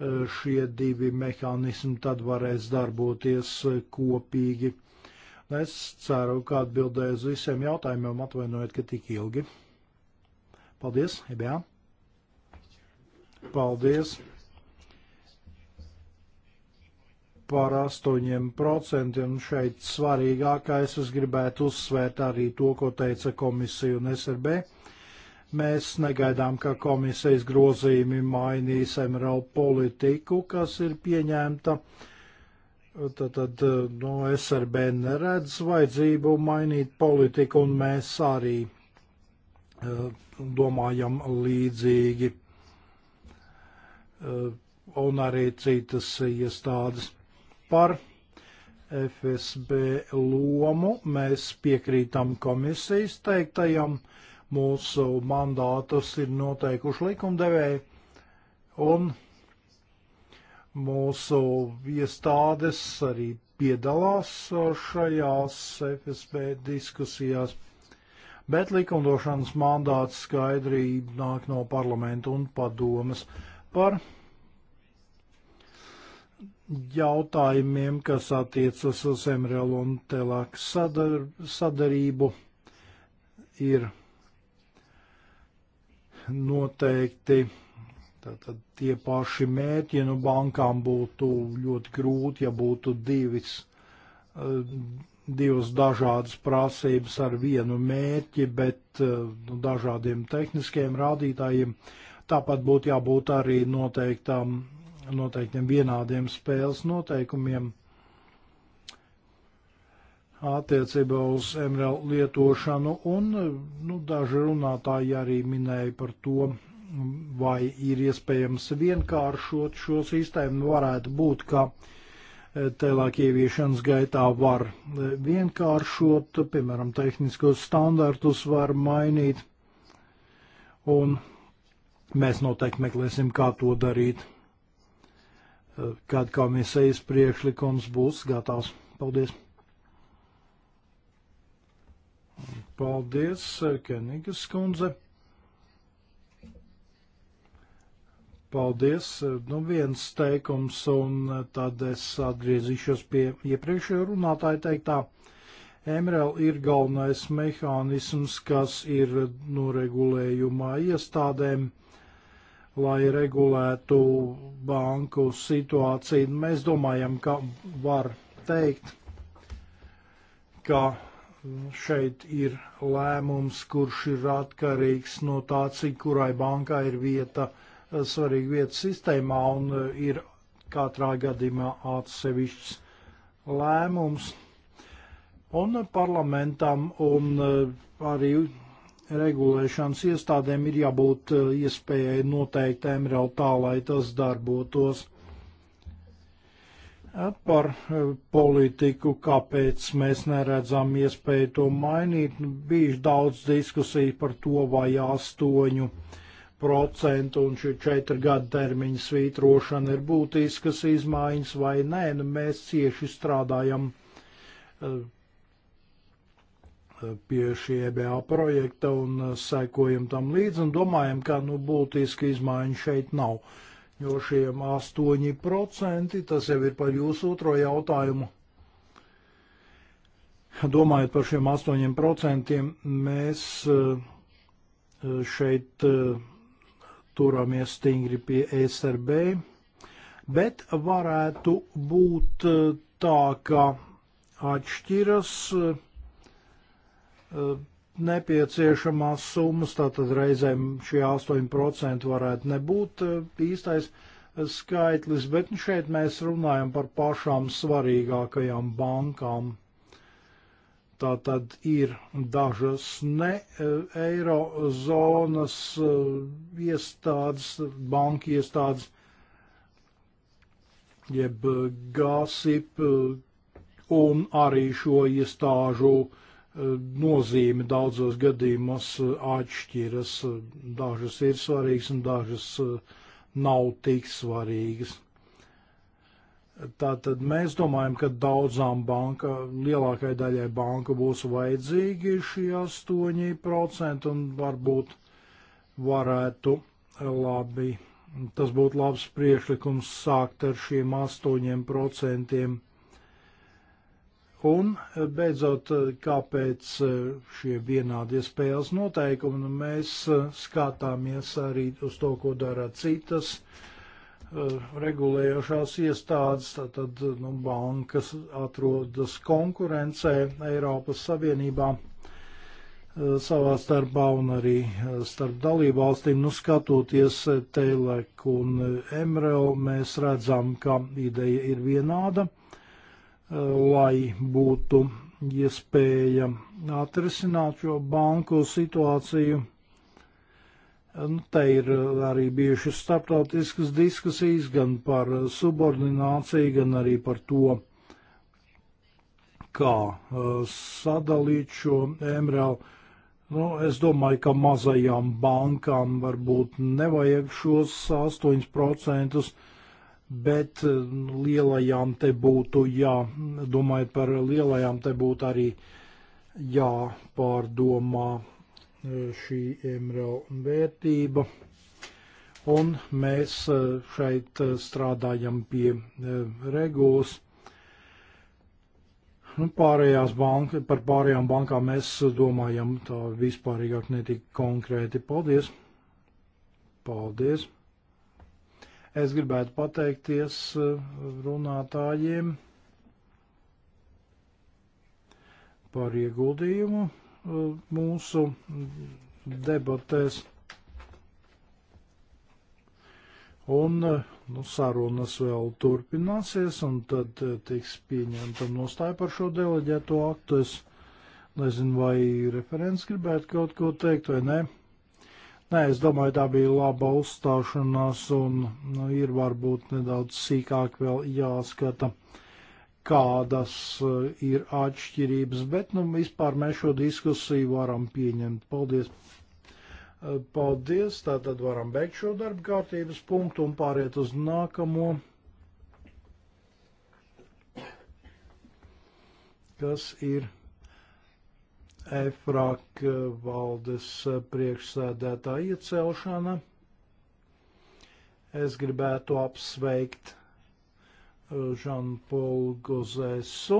E, šie divi mehānismi tad varēs darboties e, kopīgi. Es ceru, ka atbildēju uz visiem jautājumiem, atvainojiet, ka tik ilgi. Paldies, Ebijā! Paldies! par 8%. Un šeit svarīgākais es gribētu uzsvērt arī to, ko teica komisija un SRB. Mēs negaidām, ka komisijas grozījumi mainīs MRL politiku, kas ir pieņemta. Tad, tad no SRB neredz vajadzību mainīt politiku, un mēs arī eh, domājam līdzīgi. Eh, un arī citas iestādes par FSB lomu mēs piekrītam komisijas teiktajam. Ja mūsu mandātus ir noteikuši likumdevēji, un mūsu iestādes arī piedalās šajās FSB diskusijās, bet likumdošanas mandāts skaidri nāk no parlamentu un padomas par jautājumiem, kas attiecas uz Emrelu un Telaks sadar, sadarību, ir noteikti tātad tie paši mērķi, ja nu bankām būtu ļoti grūti, ja būtu divis, eh, divas dažādas prasības ar vienu mērķi, bet eh, nu, dažādiem tehniskiem rādītājiem. Tāpat būtu jābūt arī noteiktam, noteiktiem vienādiem spēles noteikumiem attiecībā uz MRL lietošanu, un nu, daži runātāji arī minēja par to, vai ir iespējams vienkāršot šo sistēmu. Nu, varētu būt, ka e, tālāk ieviešanas gaitā var e, vienkāršot, piemēram, tehniskos standartus var mainīt, un mēs noteikti meklēsim, kā to darīt, e, kad komisijas priekšlikums būs gatavs. Paldies! Paldies, Kenīgas kundze. Paldies. Nu, viens teikums, un tad es atgriezīšos pie iepriekšējā runātāja teiktā. MRL ir galvenais mehānisms, kas ir noregulējumā iestādēm lai regulētu banku situāciju. Mēs domājam, ka var teikt, ka šeit ir lēmums, kurš ir atkarīgs no tā, cik kurai bankā ir vieta, eh, svarīga vieta sistēmā un eh, ir katrā gadījumā atsevišķs lēmums. Un eh, parlamentam un arī regulēšanas iestādēm ir jābūt iespējai noteikt MRL tā, lai tas darbotos par e, politiku, kāpēc mēs neredzam iespēju to mainīt. Bija daudz diskusiju par to, vai 8% un šī 4 gadu termiņa svītrošana ir būtiskas izmaiņas vai nē. Nu, mēs cieši strādājam e, e, pie šī EBA projekta un sekojam tam līdzi un domājam, ka nu, būtiski izmaiņu šeit nav. Uh, jo šiem 8% tas jau ir par jūsu otro jautājumu. Domājot par šiem 8%, mēs eh, šeit eh, turamies stingri pie SRB, bet varētu būt eh, tā, ka atšķiras nepieciešamās summas, tātad reizēm šie 8% varētu nebūt eh, īstais eh, skaitlis, bet nu šeit mēs runājam par pašām svarīgākajām bankām. Tā tad ir dažas ne eh, eirozonas iestādes, banka iestādes, jeb GASIP, un arī šo iestāžu uh, nozīme daudzos gadījumos eh, atšķiras. Eh, dažas ir svarīgas un dažas eh, nav tik svarīgas. Tātad mēs domājam, ka daudzām bankām, lielākai daļai banku būs vajadzīgi šie 8% un varbūt varētu labi. Tas būtu labs priekšlikums sākt ar šiem 8%. Un eh, beidzot, eh, kāpēc eh, šie vienādie spēles noteikumi, nu, mēs skatāmies arī uz to, ko dara citas regulējošās iestādes, tad nu, bankas atrodas konkurencē Eiropas Savienībā savā starpā un arī starp dalībvalstīm. Nu, skatoties Telek un Emrel, mēs redzam, ka ideja ir vienāda lai būtu iespēja atrisināt šo banku situāciju. Nu, te ir arī bijušas starptautiskas diskusijas gan par subordināciju, gan arī par to, kā uh, sadalīt šo MRL. Nu, es domāju, ka mazajām bankām varbūt nevajag šos 8% bet eh, lielajām te būtu, jā, domājot par lielajām te būtu arī jāpārdomā eh, šī MRL vērtība. Un mēs eh, šeit strādājam pie regulas. Nu, pārējās banka, par pārējām bankām mēs domājam tā vispārīgāk, ne tik konkrēti. Paldies! Paldies! Es gribētu pateikties eh, runātājiem par ieguldījumu eh, mūsu debatēs. Un eh, nu, sarunas vēl turpināsies, un tad tiks pieņemta nostāja par šo deleģēto aktu. Es nezinu, vai referents gribētu kaut ko teikt vai nē. Nē, es domāju, tā bija laba uzstāšanās un nu, ir varbūt nedaudz sīkāk vēl jāskata, kādas eh, ir atšķirības, bet nu, vispār mēs šo diskusiju varam pieņemt. Paldies! Eh, paldies! Tātad varam beigt šo darba kārtības punktu un pāriet uz nākamo. kas ir EFRAK valdes priekšsēdētāja iecelšana. Es gribētu apsveikt Žanpolu uh, Gozēsu.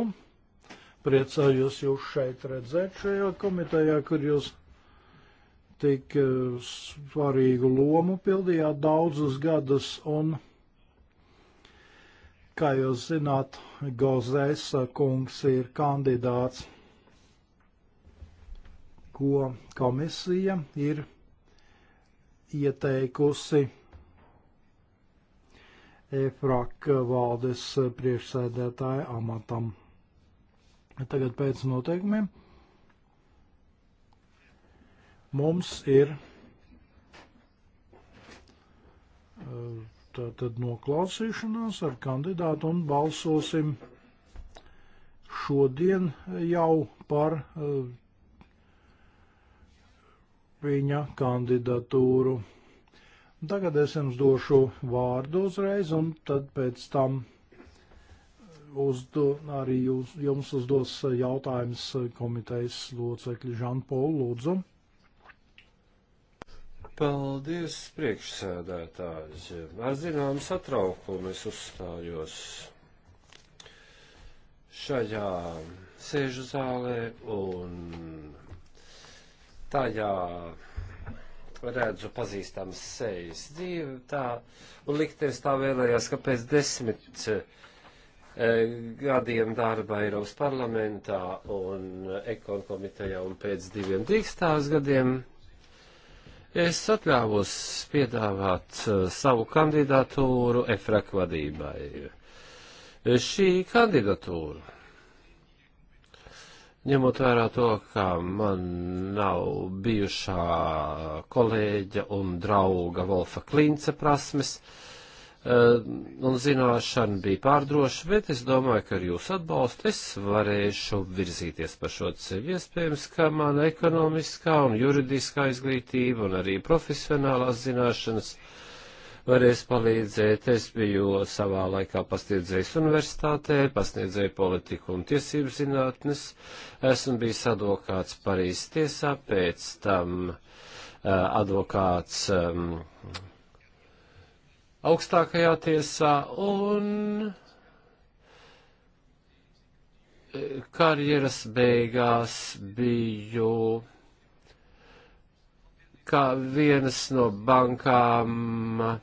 Priecājos jūs šeit redzēt šajā komitejā, kur jūs tik uh, svarīgu lomu pildījāt daudzus gadus, un, kā jūs zināt, Gozēsa kungs ir kandidāts ko komisija ir ieteikusi EFRAK valdes priekšsēdētāja amatam. Tagad pēc noteikumiem mums ir tātad noklausīšanās ar kandidātu un balsosim šodien jau par viņa kandidatūru. Tagad es jums došu vārdu uzreiz, un tad pēc tam uzdo, arī jūs, jums uzdos jautājums komitejas locekļi Žanpolu Lūdzu. Paldies, priekšsēdētājs. Ar zinām satraukumu es uzstājos šajā sēžu zālē un tajā redzu pazīstamas sejas dzīve tā, un liktenis tā vēlējās, ka pēc desmit e, gadiem darba Eiropas parlamentā un ekon komitejā un pēc diviem drīkstās gadiem es atļāvos piedāvāt eh, savu kandidatūru EFRAK vadībai. Šī kandidatūra ņemot vērā to, ka man nav bijušā kolēģa un drauga Volfa Klinca prasmes eh, un zināšana bija pārdroša, bet es domāju, ka ar jūsu atbalstu es varēšu virzīties pa šo ceļu. Iespējams, ka mana ekonomiskā un juridiskā izglītība un arī profesionālās zināšanas varēs palīdzēt. Es biju savā laikā pasniedzējis universitātē, pasniedzēju politiku un tiesību zinātnes, esmu bijis advokāts Parīzes tiesā, pēc tam uh, advokāts um, augstākajā tiesā un eh, karjeras beigās biju kā vienas no bankām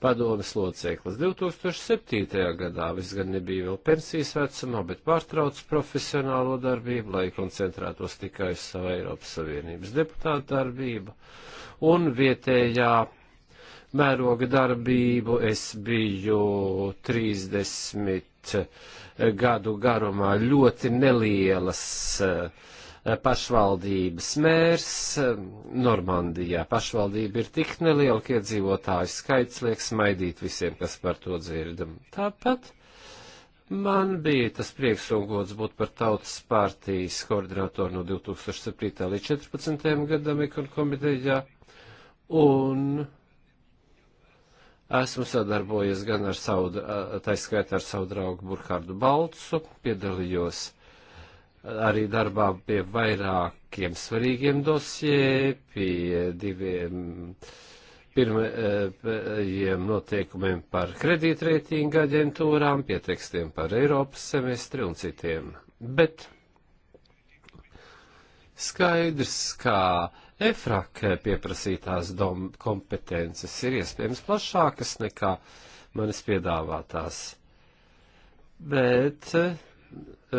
padomas loceklis. 2007. gadā viņš gan nebija vēl pensijas vecumā, bet pārtrauca profesionālo darbību, lai koncentrētos tikai uz savu Eiropas Savienības deputātu darbību un vietējā mēroga darbību. Es biju 30 gadu garumā ļoti nelielas uh, Eh, pašvaldības mērs eh, Normandijā. Pašvaldība ir tik neliela, ka iedzīvotāju skaits liek smaidīt visiem, kas par to dzirdam. Tāpat man bija tas prieks un gods būt par tautas partijas koordinatoru no 2007. līdz 2014. gadam ikonu komitejā. Un Esmu sadarbojies gan ar savu, eh, taiskaitā ar savu draugu Burkhārdu Balcu, piedalījos arī darbā pie vairākiem svarīgiem dosjē, pie diviem pirmajiem noteikumiem par kredītreitinga aģentūrām, pie tekstiem par Eiropas semestri un citiem. Bet skaidrs, kā EFRAK pieprasītās dom kompetences ir iespējams plašākas nekā manis piedāvātās. Bet uh,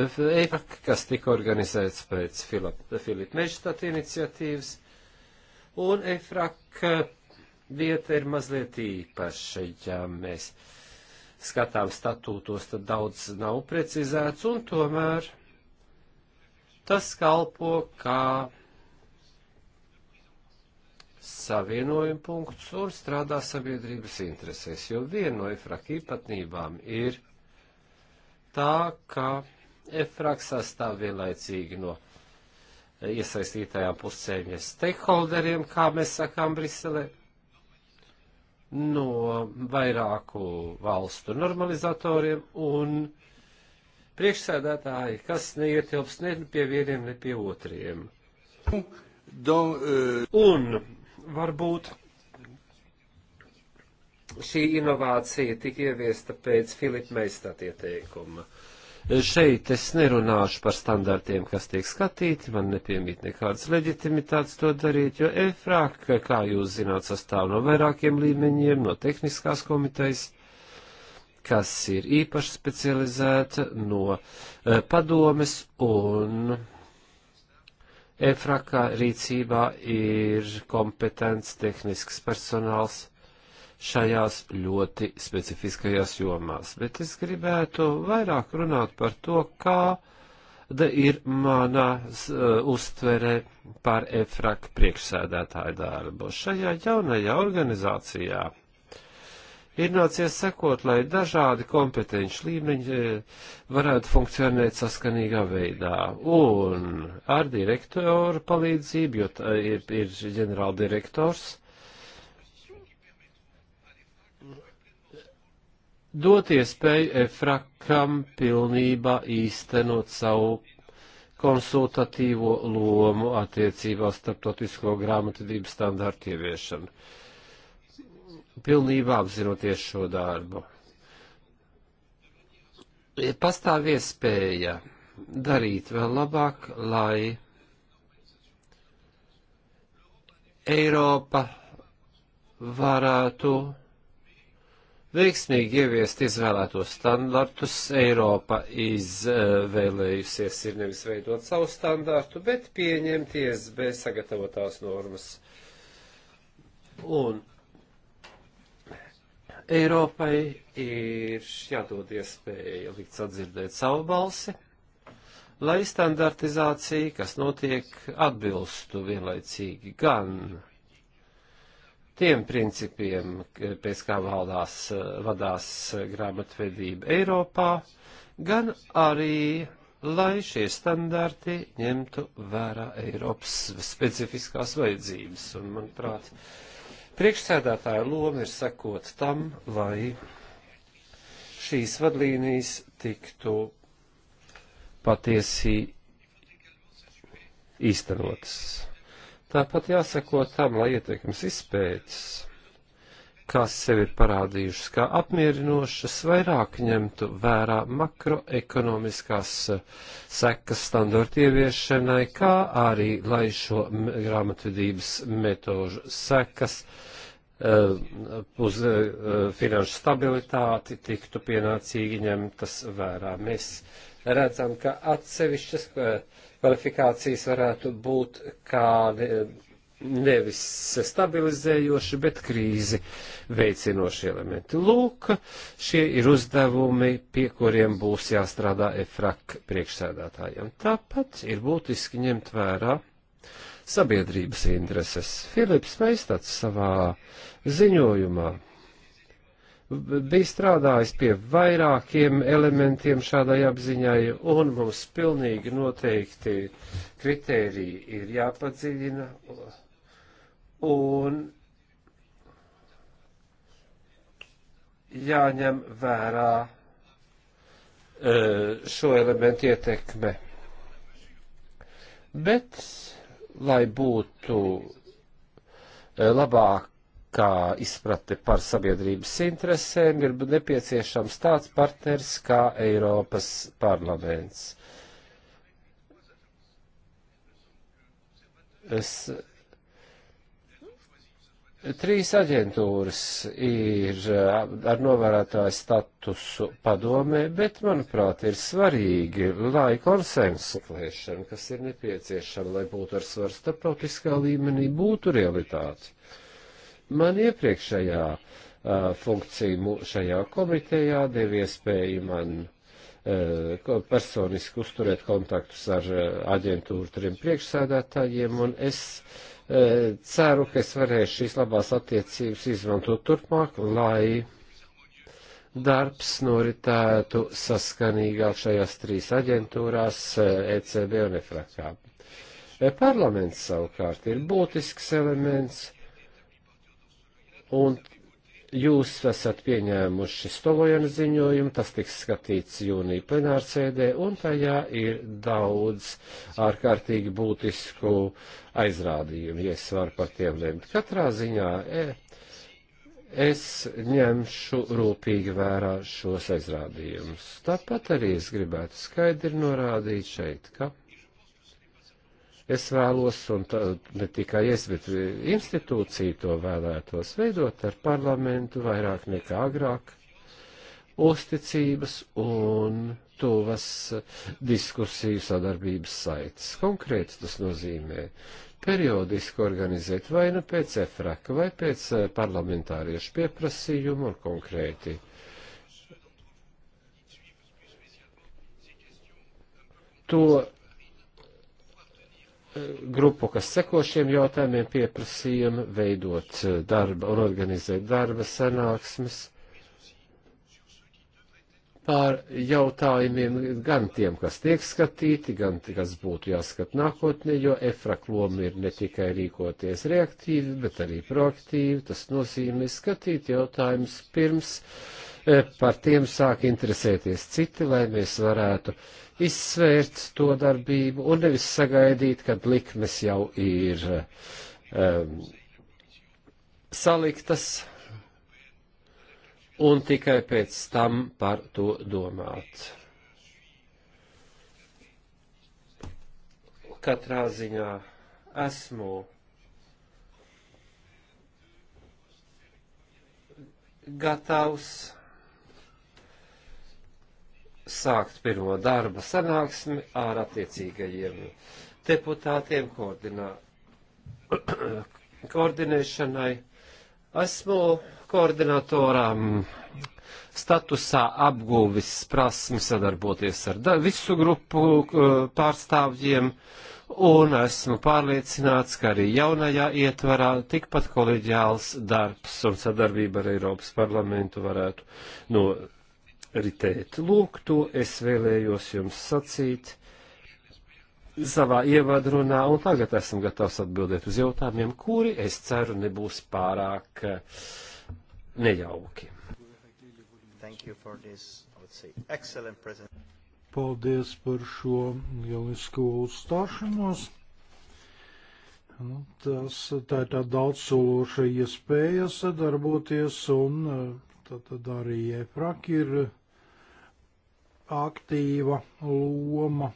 EFAK, kas tika organizēts pēc Filipa Mežstata iniciatīvas, un EFRAK vieta ir mazliet īpaša, ja mēs skatām statūtos, tad daudz nav precizēts, un tomēr tas kalpo kā savienojuma punkts un strādā sabiedrības interesēs, jo viena no EFRAK īpatnībām ir tā, ka EFRAG sastāv vienlaicīgi no iesaistītajām pusēm, ja stakeholderiem, kā mēs sakām Briselē, no vairāku valstu normalizatoriem un priekšsēdētāji, kas neietilps ne pie vieniem, ne pie otriem. Eh, un varbūt šī inovācija tika ieviesta pēc Filipa Meistata ieteikuma. E, šeit es nerunāšu par standartiem, kas tiek skatīti, man nepiemīt nekādas leģitimitātes to darīt, jo EFRAK, kā jūs zināt, sastāv no vairākiem līmeņiem, no tehniskās komitejas, kas ir īpaši specializēta no e, padomes un EFRAKā rīcībā ir kompetents tehnisks personāls šajās ļoti specifiskajās jomās. Bet es gribētu vairāk runāt par to, kāda ir manā uh, eh, uztvere par EFRAK priekšsēdētāju darbu. Šajā jaunajā organizācijā ir nācies sekot, lai dažādi kompetenci līmeņi eh, varētu funkcionēt saskanīgā veidā. Un ar direktoru palīdzību, jo ir, ir ģenerāldirektors, dot iespēju EFRAKam pilnībā īstenot savu konsultatīvo lomu attiecībā starptautisko grāmatvedību standārtu ieviešanu, pilnībā apzinoties šo darbu. Pastāv iespēja darīt vēl labāk, lai Eiropa varētu veiksmīgi ieviest izvēlētos standartus. Eiropa izvēlējusies ir nevis veidot savu standartu, bet pieņemties bez sagatavotās normas. Un Eiropai ir jādod iespēja likt sadzirdēt savu balsi, lai standartizācija, kas notiek, atbilstu vienlaicīgi gan tiem principiem, pēc kā valdās, vadās grāmatvedība Eiropā, gan arī, lai šie standarti ņemtu vērā Eiropas specifiskās vajadzības. Un, manuprāt, priekšsēdētāja loma ir sekot tam, lai šīs vadlīnijas tiktu patiesi īstenotas. Tāpat jāsako tam, lai ietekmes izpētes, kas sev ir parādījušas kā apmierinošas, vairāk ņemtu vērā makroekonomiskās eh, sekas standarta ieviešanai, kā arī lai šo grāmatvedības metožu sekas eh, uz eh, finanšu stabilitāti tiktu pienācīgi ņemtas vērā. Mēs redzam, ka atsevišķas kvalifikācijas varētu būt kādi eh, nevis stabilizējoši, bet krīzi veicinoši elementi. Lūk, šie ir uzdevumi, pie kuriem būs jāstrādā EFRAK priekšsēdētājiem. Tāpat ir būtiski ņemt vērā sabiedrības intereses. Filips Meistats savā ziņojumā bija strādājis pie vairākiem elementiem šādai apziņai, un mums pilnīgi noteikti kritēriji ir jāpadziļina, un jāņem vērā e, šo elementu ietekme. Bet, lai būtu e, labāk kā izpratne par sabiedrības interesēm ir nepieciešams tāds partners kā Eiropas parlaments. Es, trīs aģentūras ir ar novērotāju statusu padomē, bet, manuprāt, ir svarīgi, lai konsensu klēšana, kas ir nepieciešama, lai būtu ar svaru starptautiskā līmenī, būtu realitāte. Man iepriekšējā uh, funkcija šajā komitejā deva iespēju man personiski uzturēt kontaktus ar aģentūru trim priekšsēdētājiem, un es ceru, ka es varēšu šīs labās attiecības izmantot turpmāk, lai darbs noritētu saskanīgāk šajās trīs aģentūrās ECB un EFRAKā. Parlaments savukārt ir būtisks elements Un jūs esat pieņēmuši Stolojana ziņojumu, tas tiks skatīts jūnija plenārsēdē, un tajā ir daudz ārkārtīgi būtisku aizrādījumu, ja es varu par tiem lemt. Katrā ziņā e, es ņemšu rūpīgi vērā šos aizrādījumus. Tāpat arī es gribētu skaidri norādīt šeit, ka Es vēlos, un tā, ne tikai es, bet institūcija to vēlētos veidot ar parlamentu vairāk nekā agrāk, uzticības un tuvas diskusiju sadarbības saites. Konkrēti tas nozīmē periodiski organizēt vai nu pēc efraka, vai pēc eh, parlamentāriešu pieprasījumu un konkrēti. To grupu, kas seko šiem jautājumiem, pieprasījām veidot eh, darba un organizēt darba sanāksmes pār jautājumiem gan tiem, kas tiek skatīti, gan kas būtu jāskat nākotnē, jo EFRAK loma ir ne tikai rīkoties reaktīvi, bet arī proaktīvi. Tas nozīmē skatīt jautājumus pirms uh, E, par tiem sāk interesēties citi, lai mēs varētu izsvērt to darbību un nevis sagaidīt, kad likmes jau ir um, saliktas un tikai pēc tam par to domāt. Katrā ziņā esmu gatavs sākt pirmo darba sanāksmi ar attiecīgajiem deputātiem koordinā, [CLEARS THROAT] koordinēšanai. Esmu koordinatoram statusā apguvis prasmi sadarboties ar da, visu grupu pārstāvjiem, un esmu pārliecināts, ka arī jaunajā ietvarā tikpat koleģiāls darbs un sadarbība ar Eiropas parlamentu varētu no ritēt. Lūk, to es vēlējos jums sacīt savā ievadrunā, un tagad esam gatavs atbildēt uz jautājumiem, kuri, es ceru, nebūs pārāk eh, nejauki. This, say, Paldies par šo lielisko uzstāšanos. Nu, tas, tā ir tā daudzsološa iespēja sadarboties, un eh, tad arī EFRAK ir aktīva loma.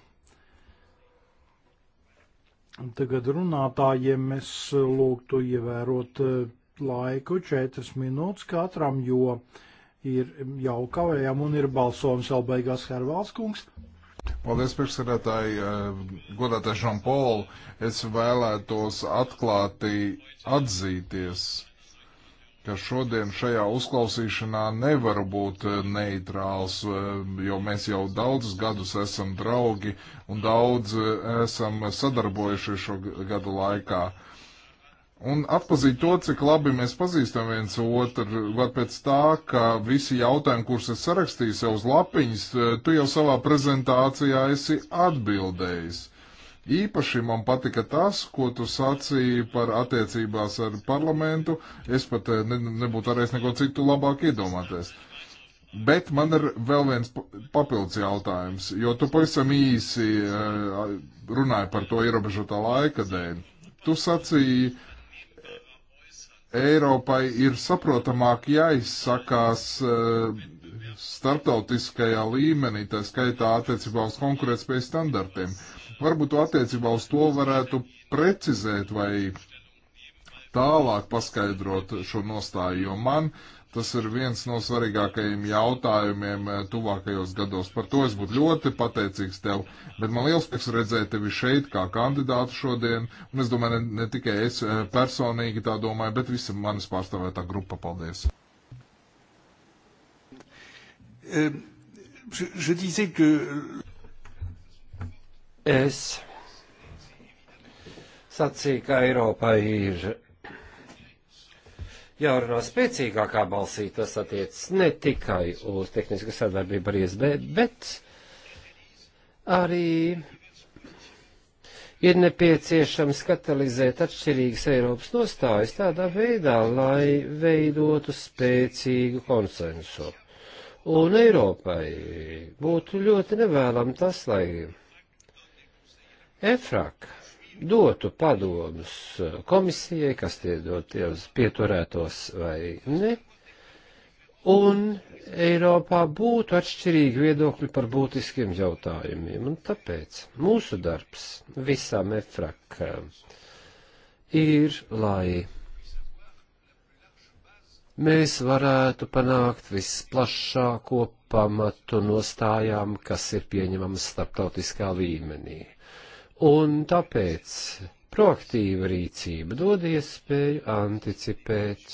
Tagad runātājiem es lūgtu ievērot eh, laiku 4 minūtes katram, jo ir jau kavējām un ir balsojums jau beigās Hervāls kungs. Paldies, priekšsēdētāji, eh, godātais Žanpol, es vēlētos atklāti atzīties ka šodien šajā uzklausīšanā nevaru būt eh, neitrāls, eh, jo mēs jau daudzus gadus esam draugi un daudz eh, esam sadarbojušies šo gadu laikā. Un atpazīt to, cik labi mēs pazīstam viens otru, var pēc tā, ka visi jautājumi, kurus es sarakstīju sev uz lapiņas, tu jau savā prezentācijā esi atbildējis. Īpaši man patika tas, ko tu sacīji par attiecībās ar parlamentu. Es pat eh, ne, nebūtu varējis neko citu labāk iedomāties. Bet man ir vēl viens papildus jautājums, jo tu pavisam īsi eh, runāji par to ierobežotā laika dēļ. Tu sacīji, Eiropai ir saprotamāk jāizsakās eh, starptautiskajā līmenī, tā skaitā attiecībā uz konkurētspējas standartiem. Uh, Varbūt attiecībā uz to varētu precizēt vai tālāk paskaidrot šo nostāju, jo man tas ir viens no svarīgākajiem jautājumiem eh, tuvākajos gados. Par to es būtu ļoti pateicīgs tev, bet man liels prieks redzēt tevi šeit kā kandidātu šodien, un es domāju, ne, ne tikai es eh, personīgi tā domāju, bet visa manis pārstāvētā grupa. Paldies! Euh, je, je disais que Es sacīju, ka Eiropā ir jārunā spēcīgākā balsī, tas attiecas ne tikai uz tehnisku sadarbību ar ISB, bet arī ir nepieciešams katalizēt atšķirīgas Eiropas nostājas tādā veidā, lai veidotu spēcīgu konsensu. Un Eiropai būtu ļoti nevēlam tas, lai EFRAK dotu padomus komisijai, kas tie doties pieturētos vai ne, un Eiropā būtu atšķirīgi viedokļi par būtiskiem jautājumiem, un tāpēc mūsu darbs visām EFRAK eh, ir, lai mēs varētu panākt visplašāko pamatu nostājām, kas ir pieņemamas starptautiskā līmenī. Un tāpēc proaktīva rīcība dod iespēju anticipēt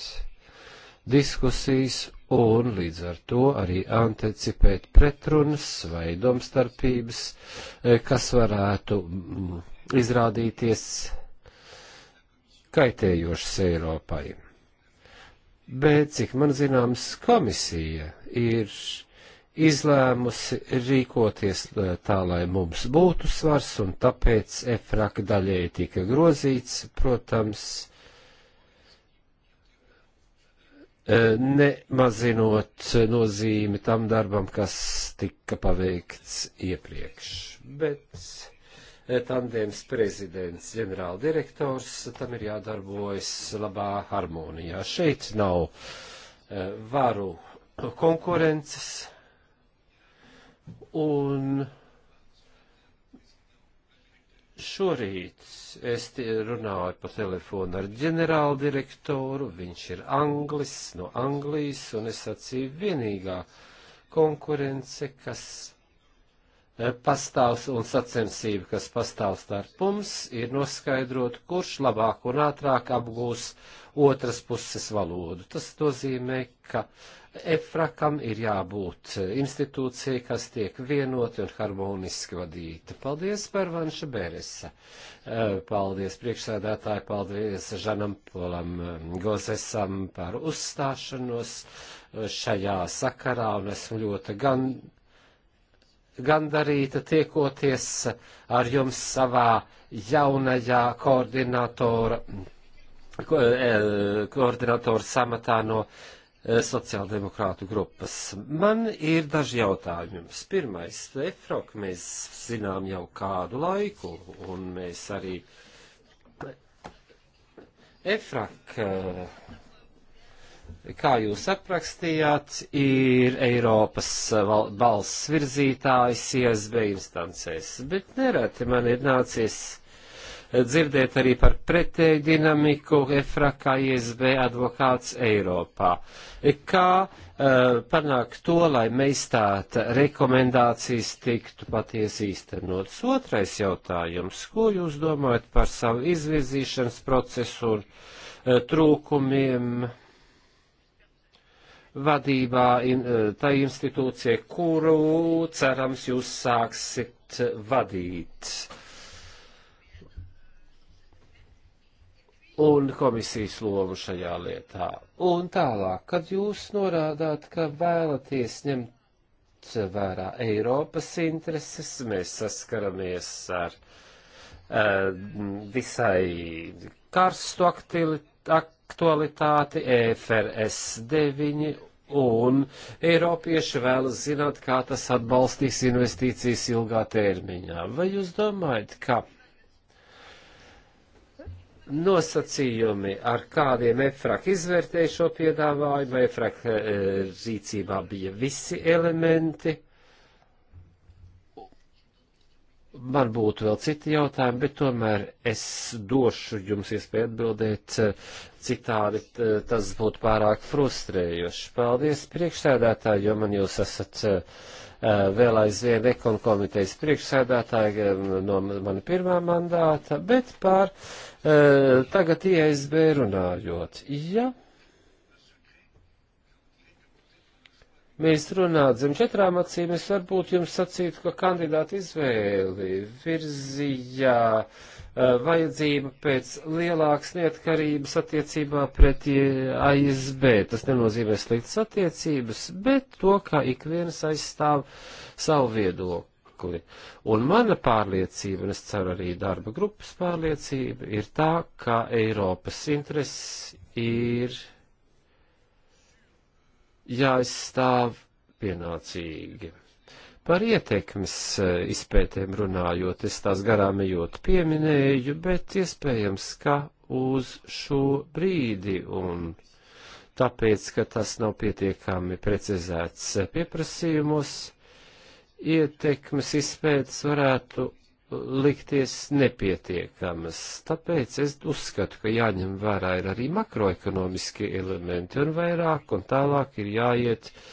diskusijas un līdz ar to arī anticipēt pretrunas vai domstarpības, eh, kas varētu mm, izrādīties kaitējošas Eiropai. Bet, cik man zināms, komisija ir izlēmusi rīkoties eh, tā, lai mums būtu svars, un tāpēc efraka daļēji tika grozīts, protams, eh, nemazinot nozīmi tam darbam, kas tika paveikts iepriekš. Bet eh, tandēms prezidents, ģenerāldirektors, tam ir jādarbojas labā harmonijā. Šeit nav varu konkurences Un šorīt es runāju pa telefonu ar ģenerālu direktoru, viņš ir Anglis no Anglijas, un es sacīju vienīgā konkurence, kas e, pastāvs un sacensība, kas pastāv starp mums, ir noskaidrot, kurš labāk un ātrāk apgūs otras puses valodu. Tas nozīmē, ka uh, EFRAKam ir jābūt institūcijai, kas tiek vienoti un harmoniski vadīta. Paldies par Vanša Bēresa. Eh, paldies priekšsēdētāji, paldies Žanam Polam eh, Gozesam par uzstāšanos eh, šajā sakarā un esmu ļoti gan, gandarīta tiekoties ar jums savā jaunajā koordinatora, ko, e, koordinatora samatā no Eh, sociāldemokrātu grupas. Man ir daži jautājumi jums. Pirmais, EFROK mēs zinām jau kādu laiku, un mēs arī EFRAK, eh, kā jūs aprakstījāt, ir Eiropas eh, valsts virzītājs ISB instancēs, bet nereti man ir nācies dzirdēt arī par pretēju dinamiku EFRA kā ISB advokāts Eiropā. Kā uh, panākt to, lai meistāta rekomendācijas tiktu patiesi īstenotas? Otrais jautājums. Ko jūs domājat par savu izvirzīšanas procesu un uh, trūkumiem? vadībā in, eh, tā institūcija, kuru cerams jūs sāksit vadīt. un komisijas lomu šajā lietā. Un tālāk, kad jūs norādāt, ka vēlaties ņemt vērā Eiropas intereses, mēs saskaramies ar uh, visai karstu aktualitāti EFRS 9 un Eiropieši vēlas zināt, kā tas atbalstīs investīcijas ilgā termiņā. Vai jūs domājat, ka nosacījumi, ar kādiem EFRAK izvērtēja šo piedāvājumu, EFRAK e, rīcībā bija visi elementi. Man būtu vēl citi jautājumi, bet tomēr es došu jums iespēju atbildēt e, citādi, tas būtu pārāk frustrējoši. Paldies priekšsēdētāji, jo man jūs esat uh, Eh, vēl aizvien ekonu komitejas priekšsēdētāja eh, no mana pirmā mandāta, bet par eh, tagad ISB runājot. Ja mēs runātu zem četrām acīm, es varbūt jums sacītu, ka kandidāti izvēli virzījā. Uh, Uh, vajadzība pēc lielākas neatkarības attiecībā pret ASB. Tas nenozīmē sliktas attiecības, bet to, ka ik viens aizstāv savu viedokli. Un mana pārliecība, un es ceru arī darba grupas pārliecība, ir tā, ka Eiropas intereses ir jāizstāv pienācīgi. Par ietekmes eh, izpētēm runājot, es tās garām ejot pieminēju, bet iespējams, ka uz šo brīdi un tāpēc, ka tas nav pietiekami precizēts pieprasījumos, ietekmes izpētes varētu likties nepietiekamas. Tāpēc es uzskatu, ka jāņem vērā ir arī makroekonomiski elementi un vairāk un tālāk ir jāiet uh,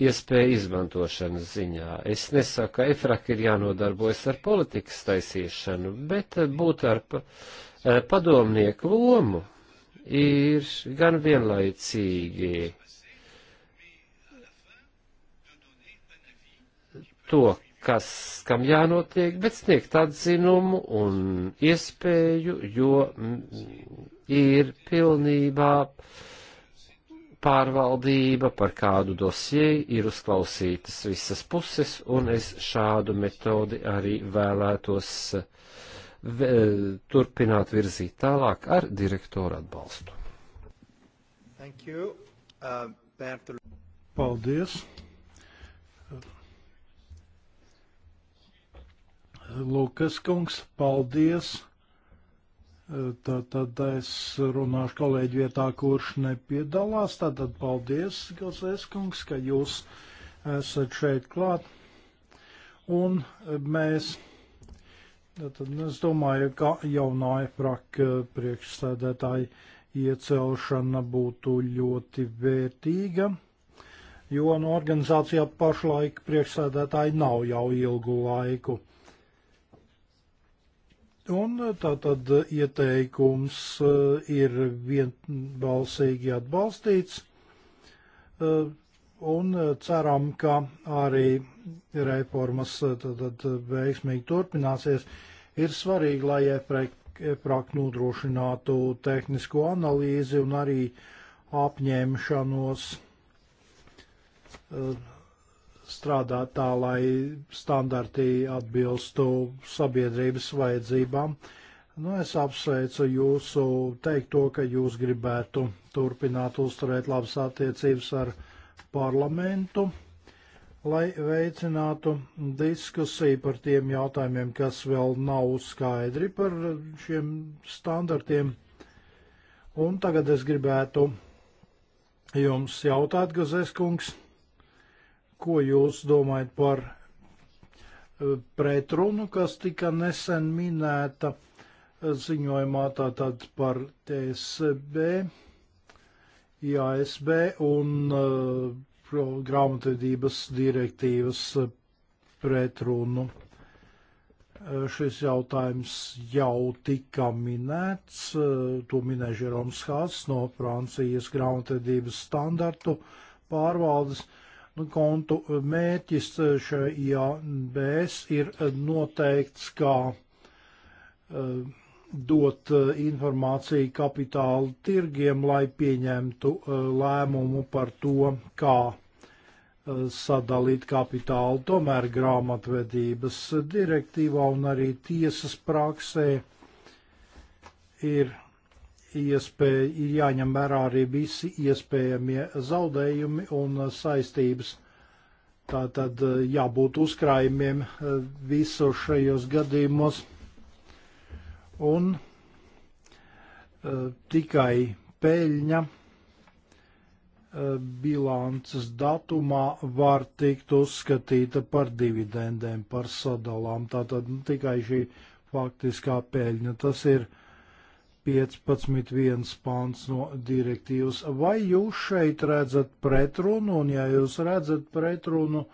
iespēju izmantošanas ziņā. Es nesaku, ka EFRAK ir jānodarbojas ar politikas taisīšanu, bet būt ar eh, padomnieku lomu ir gan vienlaicīgi to, kas, kam jānotiek, bet sniegt atzinumu un iespēju, jo ir pilnībā uh, pārvaldība par kādu dosieju ir uzklausītas visas puses, un es šādu metodi arī vēlētos vē, turpināt virzīt tālāk ar direktoru atbalstu. Uh, Paldies! Lukas kungs, paldies! Tad, tad es runāšu kolēģi vietā, kurš nepiedalās. Tad, tad paldies, Gazēs kungs, ka jūs esat šeit klāt. Un mēs, tad es domāju, ka jaunā efraka priekšsēdētāja iecelšana būtu ļoti vērtīga, jo no organizācijā pašlaik priekšsēdētāji nav jau ilgu laiku. Un eh, tā tad eh, ieteikums eh, ir vienbalsīgi atbalstīts, un ceram, ka arī reformas tad veiksmīgi turpināsies. Ir svarīgi, lai EPRAK nodrošinātu tehnisko analīzi un arī apņēmšanos strādā tā, lai standarti atbilstu sabiedrības vajadzībām. Nu, es apsveicu jūsu teikto, ka jūs gribētu turpināt uzturēt labas attiecības ar parlamentu, lai veicinātu diskusiju par tiem jautājumiem, kas vēl nav skaidri par šiem standartiem. Un tagad es gribētu jums jautāt, Gazēs kungs ko jūs domājat par e, pretrunu, kas tika nesen minēta e, ziņojumā tātad par TSB, IASB un uh, grāmatvedības direktīvas pretrunu. Uh, šis jautājums jau tika minēts, uh, to minēja Žeroms Hāss no Francijas grāmatvedības standartu pārvaldes. Uh, kontu mērķis eh, šajā BS ir eh, noteikts kā eh, dot informāciju kapitāla tirgiem, lai pieņemtu lēmumu par to, kā sadalīt kapitālu. Tomēr grāmatvedības direktīvā un arī tiesas praksē ir iespēja, ir jāņem vērā arī visi iespējamie zaudējumi un saistības. Tā tad eh, jābūt uzkrājumiem eh, visos šajos gadījumos. Un eh, tikai peļņa bilances datumā var tikt uzskatīta par dividendēm, par sadalām. Tātad nu, tikai šī faktiskā peļņa. Tas ir uh, 15.1 pāns no direktīvas. Vai jūs šeit redzat pretrunu, un ja jūs redzat pretrunu,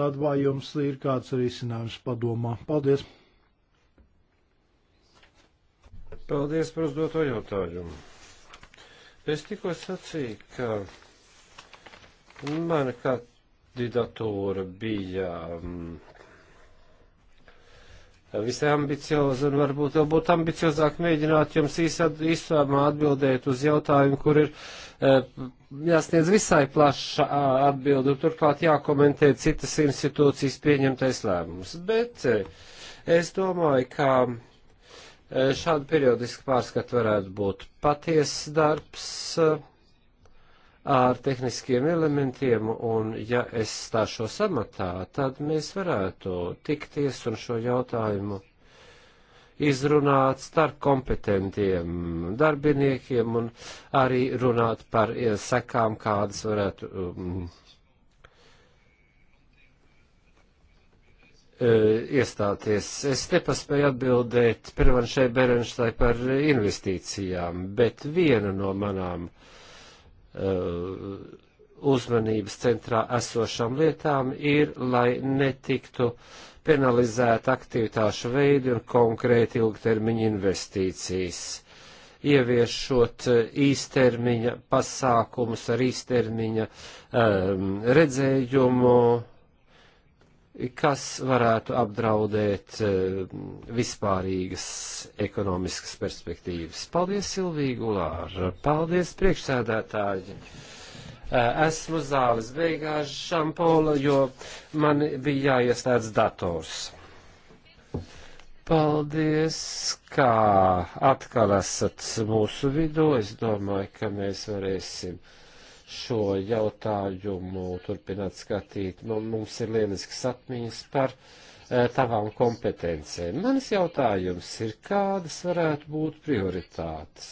tad vai jums ir kāds risinājums padomā? Paldies! Paldies par uzdoto jautājumu. Es tikko sacīju, ka mana kandidatūra bija mm, visai ambicioza un varbūt vēl būtu ambiciozāk mēģināt jums īsumā atbildēt uz jautājumu, kur ir e, jāsniedz visai plaša atbildi, turklāt jākomentē citas institūcijas pieņemtais lēmums. Bet e, es domāju, ka. E, šādu periodisku pārskatu varētu būt patiesas darbs, uh, ar tehniskiem elementiem, un ja es stāšos amatā, tad mēs varētu tikties un šo jautājumu izrunāt starp kompetentiem darbiniekiem un arī runāt par sekām, kādas varētu um, e, iestāties. Es nepaspēju atbildēt Pervanšai Berenšai par investīcijām, bet viena no manām uh, Uh, uzmanības centrā esošām lietām ir, lai netiktu penalizēta aktivitāšu veidi un konkrēti ilgtermiņa investīcijas, ieviešot uh, īstermiņa pasākumus ar īstermiņa um, redzējumu, kas varētu apdraudēt eh, vispārīgas ekonomiskas perspektīvas. Paldies, Silvija Gulāra! Paldies, priekšsēdētāji! Eh, esmu zāles beigās šampola, jo man bija jāieslēdz dators. Paldies, kā atkal esat mūsu vidū. Es domāju, ka mēs varēsim šo jautājumu turpināt skatīt. Nu, mums ir lielisks sapņas par e, tavām kompetencēm. Manis jautājums ir, kādas varētu būt prioritātes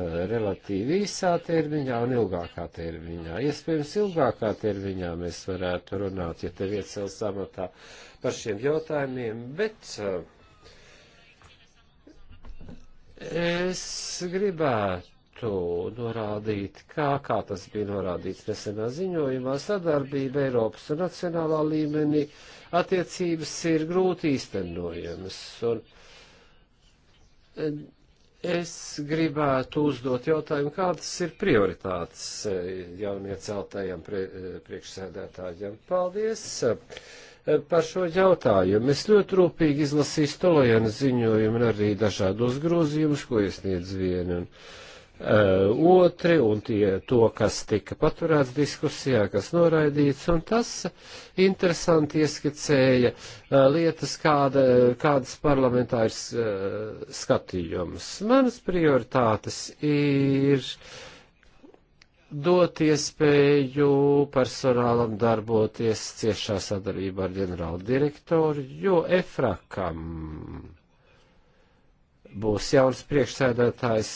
e, relatīvi īsā termiņā un ilgākā termiņā? Iespējams, ilgākā termiņā mēs varētu runāt, ja tev iecels samatā par šiem jautājumiem, bet. E, es gribētu gribētu norādīt, kā, kā tas bija norādīts nesenā ziņojumā, sadarbība Eiropas un nacionālā līmenī attiecības ir grūti īstenojamas. Un es gribētu uzdot jautājumu, kādas ir prioritātes eh, jaunieceltajam prie, eh, priekšsēdētājiem. Paldies! Eh, par šo jautājumu. Es ļoti rūpīgi izlasīju Stolojana ziņojumu un arī dažādos grozījumus, ko iesniedz viena un Eh, otri un tie, to, kas tika paturēts diskusijā, kas noraidīts, un tas interesanti ieskicēja eh, lietas, kāda, kādas parlamentā ir eh, skatījums. Manas prioritātes ir dot iespēju personālam darboties ciešā sadarbībā ar ģenerālu direktoru, jo efrakam būs jauns priekšsēdētājs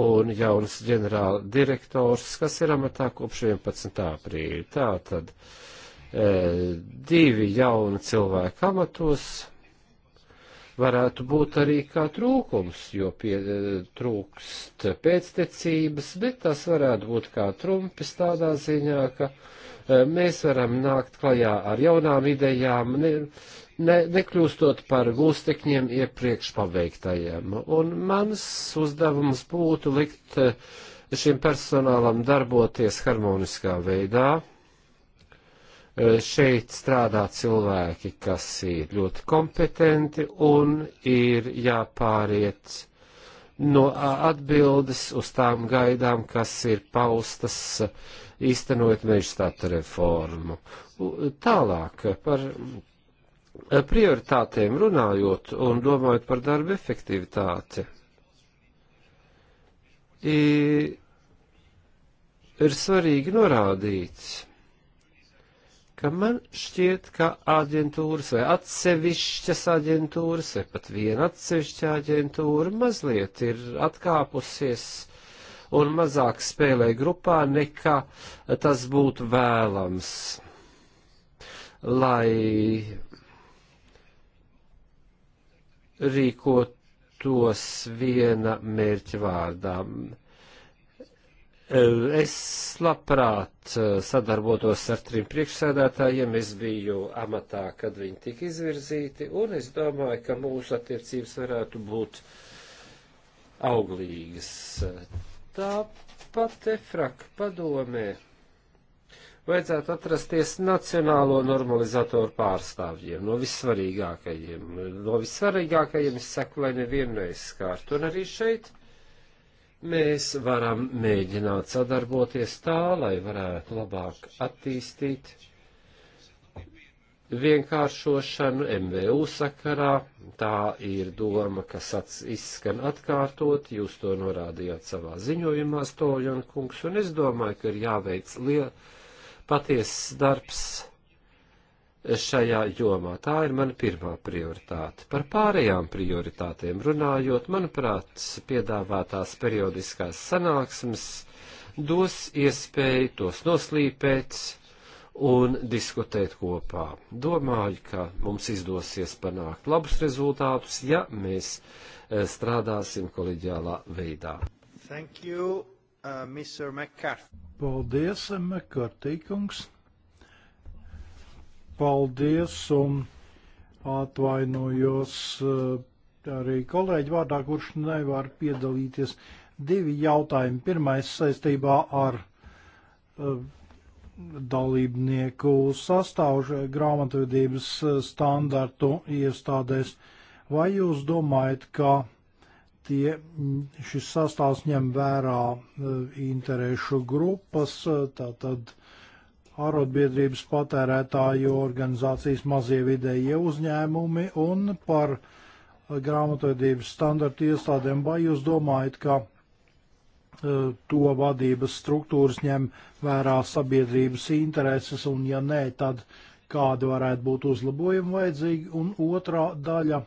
un jauns ģenerāla direktors, kas ir amatā kopš 11. aprīļa. Tā tad e, divi jauni cilvēki amatos varētu būt arī kā trūkums, jo pie, e, trūkst pēctecības, bet tas varētu būt kā trumpis tādā ziņā, ka e, mēs varam nākt klajā ar jaunām idejām. Ne, ne, nekļūstot par gūstekņiem iepriekš paveiktajiem. Un mans uzdevums būtu likt eh, šim personālam darboties harmoniskā veidā. Eh, šeit strādā cilvēki, kas ir ļoti kompetenti un ir jāpāriet no atbildes uz tām gaidām, kas ir paustas eh, īstenojot mežstata reformu. Tālāk par Eh, prioritātēm runājot un domājot par darba efektivitāti, ir svarīgi norādīt, ka man šķiet, ka aģentūras vai atsevišķas aģentūras vai pat viena atsevišķa aģentūra mazliet ir atkāpusies un mazāk spēlē grupā nekā tas būtu vēlams. Lai rīkotos viena mērķa vārdā. Es labprāt eh, sadarbotos ar trim priekšsēdētājiem, es biju amatā, kad viņi tika izvirzīti, un es domāju, ka mūsu attiecības varētu būt auglīgas. Tāpat Efraka padomē vajadzētu atrasties nacionālo normalizatoru pārstāvjiem, no vissvarīgākajiem. No vissvarīgākajiem es saku, lai nevienu neizskārt. Un arī šeit mēs varam mēģināt sadarboties tā, lai varētu labāk attīstīt vienkāršošanu MVU sakarā. Tā ir doma, kas izskan atkārtot, jūs to norādījāt savā ziņojumā, Stoljan kungs, un es domāju, ka ir jāveic liela patiesas darbs šajā jomā. Tā ir mana pirmā prioritāte. Par pārējām prioritātēm runājot, manuprāt, piedāvātās periodiskās sanāksmes dos iespēju tos noslīpēt un diskutēt kopā. Domāju, ka mums izdosies panākt labus rezultātus, ja mēs eh, strādāsim koleģiālā veidā. Thank you uh, Mr. McCarthy. Paldies, McCarthy kungs. Paldies un atvainojos uh, arī kolēģi vārdā, kurš nevar piedalīties. Divi jautājumi. Pirmais saistībā ar uh, dalībnieku sastāvu grāmatvedības standartu iestādēs. Vai jūs domājat, ka tie, mm, šis sastāvs ņem vērā e, interešu grupas, e, tātad arotbiedrības patērētāju organizācijas mazie vidējie uzņēmumi un par e, grāmatvedības standartu iestādēm. Vai jūs domājat, ka to vadības struktūras ņem vērā sabiedrības intereses, un ja nē, tad kādi varētu būt uzlabojumi vajadzīgi? Un otrā daļa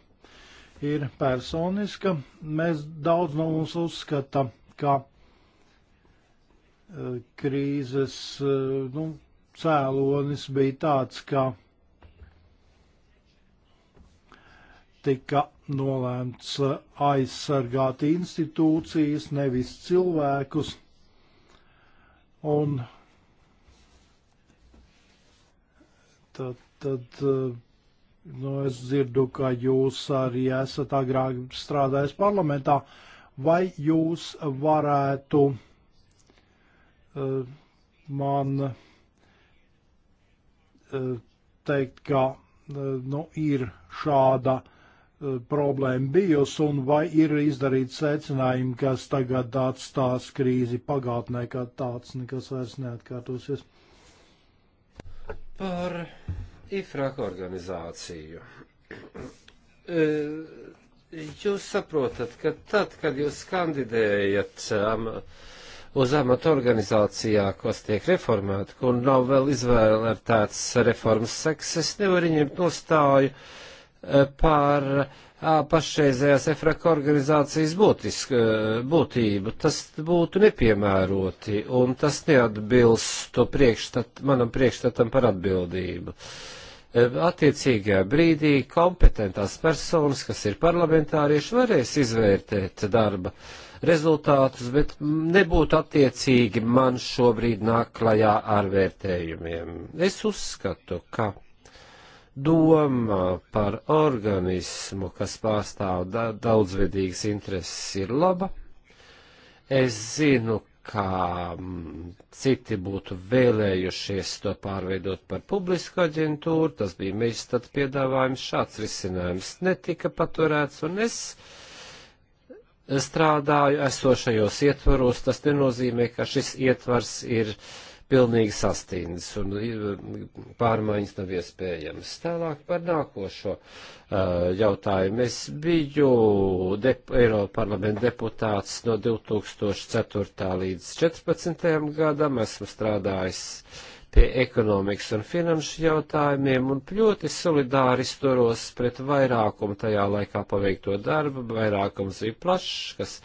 ir personiska. Mēs daudz no mums uzskata, ka e, krīzes e, nu, cēlonis bija tāds, ka tika nolēmts aizsargāt institūcijas, nevis cilvēkus. Un tad, tad e, Nu, es dzirdu, ka jūs arī esat agrāk strādājis parlamentā. Vai jūs varētu uh, man uh, teikt, ka uh, nu, ir šāda uh, problēma bijusi un vai ir izdarīts secinājumi, kas tagad atstās krīzi pagātnē, kā tāds nekas vairs neatkārtosies? Par IFRAK organizāciju. E, jūs saprotat, ka tad, kad jūs kandidējat um, uz amatu organizācijā, kas tiek reformēta, kur nav vēl izvēlētāts reformas sekses, nevar ieņemt nostāju. Uh, Eh, par pašreizējās EFRAK organizācijas būtisk, būtību. Tas būtu nepiemēroti un tas neatbilstu priekšstat, manam priekšstatam par atbildību. Eh, attiecīgajā brīdī kompetentās personas, kas ir parlamentārieši, varēs izvērtēt darba rezultātus, bet nebūtu attiecīgi man šobrīd nāk klajā ar vērtējumiem. Es uzskatu, ka doma par organismu, kas pārstāv da daudzvedīgas intereses, ir laba. Es zinu, kā mm, citi būtu vēlējušies to pārveidot par publisku aģentūru, tas bija meistāt piedāvājums, šāds risinājums netika paturēts, un es strādāju esošajos ietvaros, tas nenozīmē, ka šis ietvars ir uh, pilnīgi sastīnas un pārmaiņas nav iespējamas. Tālāk par nākošo uh, jautājumu. Es biju Eiropa parlamenta deputāts no 2004. līdz 2014. gadam, esmu strādājis pie ekonomikas un finanšu jautājumiem un ļoti solidāri izturos pret vairākumu tajā laikā paveikto darbu. Vairākums bija plašs, kas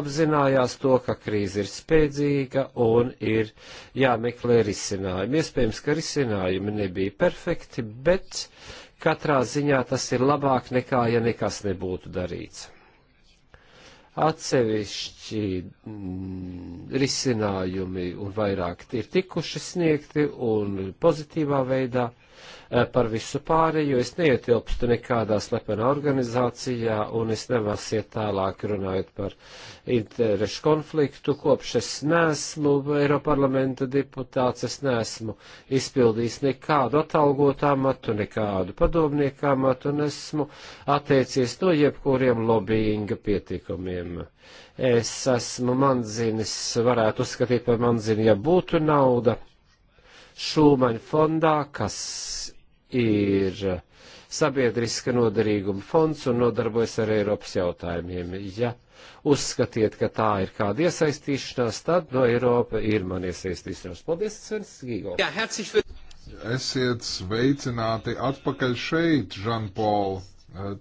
apzinājās to, ka krīze ir spēcīga un ir jāmeklē risinājumi. Iespējams, ka risinājumi nebija perfekti, bet katrā ziņā tas ir labāk nekā, ja nekas nebūtu darīts. Atsevišķi mm, risinājumi un vairāk ir tikuši sniegti un pozitīvā veidā, Eh, par visu pārējo. Es neietilpstu nekādā slepenā organizācijā, un es nevēlas iet tālāk runājot par interešu konfliktu. Kopš es neesmu Eiroparlamenta deputāts, es neesmu izpildījis nekādu atalgotu amatu, nekādu padomnieku amatu, un esmu attiecies no jebkuriem lobbyinga pietiekumiem. Es esmu manzinis, varētu uzskatīt par manzini, ja būtu nauda. Šūmaņa fondā, kas ir sabiedriska noderīguma fonds un nodarbojas ar Eiropas jautājumiem. Ja uzskatiet, ka tā ir kāda iesaistīšanās, tad no Eiropa ir man iesaistīšanās. Paldies, Svens Gīgo. Esiet sveicināti atpakaļ šeit, Žanpol.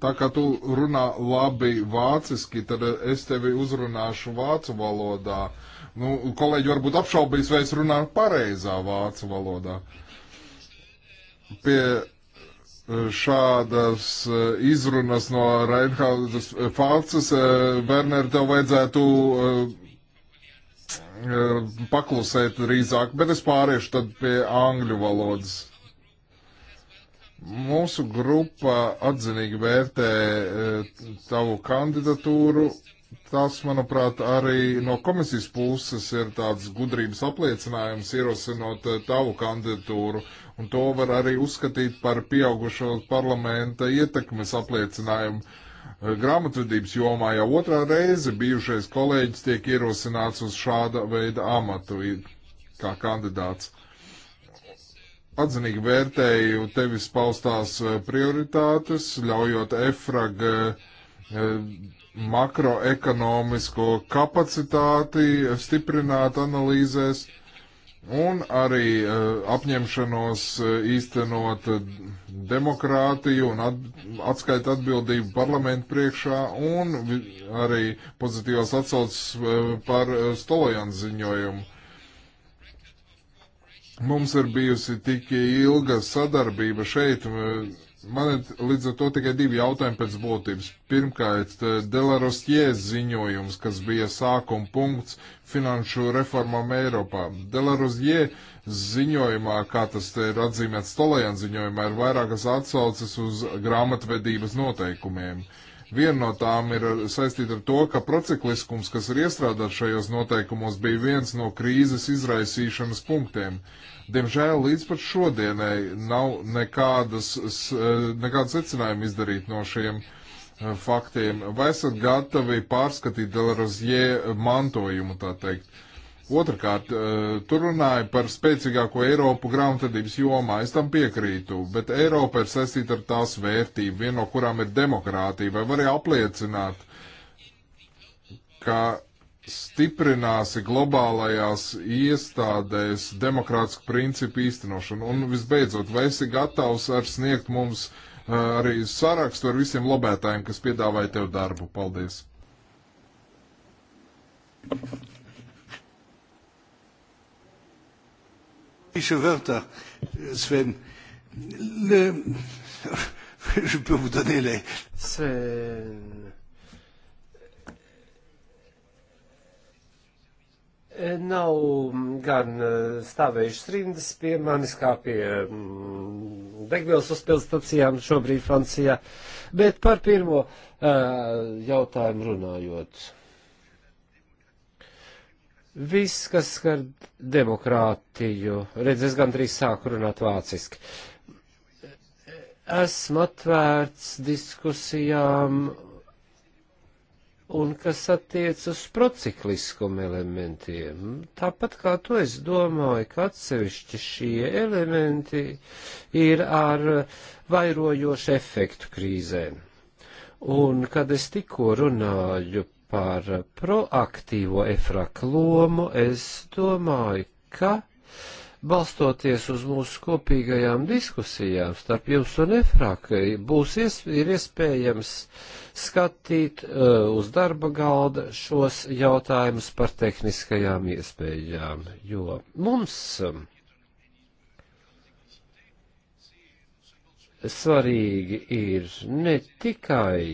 Tā kā tu runā labi vāciski, tad es tevi uzrunāšu vācu valodā. Nu, kolēģi varbūt apšaubīs, vai es runāju pareizā vācu valodā. Uh, pie e, šādas e, izrunas no Reinhaudas e, Falces, Werner, tev vajadzētu paklusēt drīzāk, bet es pāriešu tad pie angļu valodas. Mūsu grupa atzinīgi vērtē tavu kandidatūru Tas, manuprāt, arī no komisijas puses ir tāds gudrības apliecinājums, ierosinot eh, tavu kandidatūru, un to var arī uzskatīt par pieaugušo parlamenta ietekmes apliecinājumu. Eh, grāmatvedības jomā jau otrā reize bijušais kolēģis tiek ierosināts uz šāda veida amatu kā kandidāts. Atzinīgi vērtēju tevis paustās eh, prioritātes, ļaujot EFRAG uh, E, makroekonomisko kapacitāti stiprināt analīzēs un arī e, apņemšanos e, īstenot demokrātiju un atskaita atbildību parlamentu priekšā un arī pozitīvās atsaucas par Stolojans ziņojumu. Mums ir bijusi tik ilga sadarbība šeit Man ir līdz ar to tikai divi jautājumi pēc būtības. Pirmkārt, eh, Delarosjēs ziņojums, kas bija sākuma punkts finanšu reformām Eiropā. Delarosjē ziņojumā, kā tas te ir atzīmēts Stolajana ziņojumā, ir vairākas atsauces uz grāmatvedības noteikumiem. Viena no tām ir saistīta ar to, ka procikliskums, kas ir iestrādāts šajos noteikumos, bija viens no krīzes izraisīšanas punktiem. Diemžēl līdz pat šodienai nav nekādas, eh, nekādas secinājuma izdarīt no šiem eh, faktiem. Vai esat gatavi pārskatīt Delarozie mantojumu, tā teikt? Otrakārt, eh, tur runāja par spēcīgāko Eiropu grāmatvedības jomā, es tam piekrītu, bet Eiropa ir saistīta ar tās vērtību, viena no kurām ir demokrātija, vai varēja apliecināt, ka stiprināsi globālajās iestādēs demokrātisku principu īstenošanu? Un visbeidzot, vai esi gatavs ar sniegt mums uh, arī sarakstu ar visiem lobētājiem, kas piedāvāja tev darbu? Paldies! Wörter, Sven. Le... Je peux vous donner les. Sven. nav gan eh, stāvējušas rindas pie manis kā pie mm, degvielas uzpildes stacijām šobrīd Francijā, bet par pirmo eh, jautājumu runājot. Viss, kas skar demokrātiju, redz, es gandrīz sāku runāt vāciski. Esmu atvērts diskusijām un kas attiec uz procikliskumu elementiem. Tāpat kā to es domāju, ka atsevišķi šie elementi ir ar vairojošu efektu krīzēm. Un kad es tikko runāju par proaktīvo efraklomu, es domāju, ka balstoties uz mūsu kopīgajām diskusijām starp jums un Efrāk, būs ies, ir iespējams skatīt uh, uz darba galda šos jautājumus par tehniskajām iespējām, jo mums um, svarīgi ir ne tikai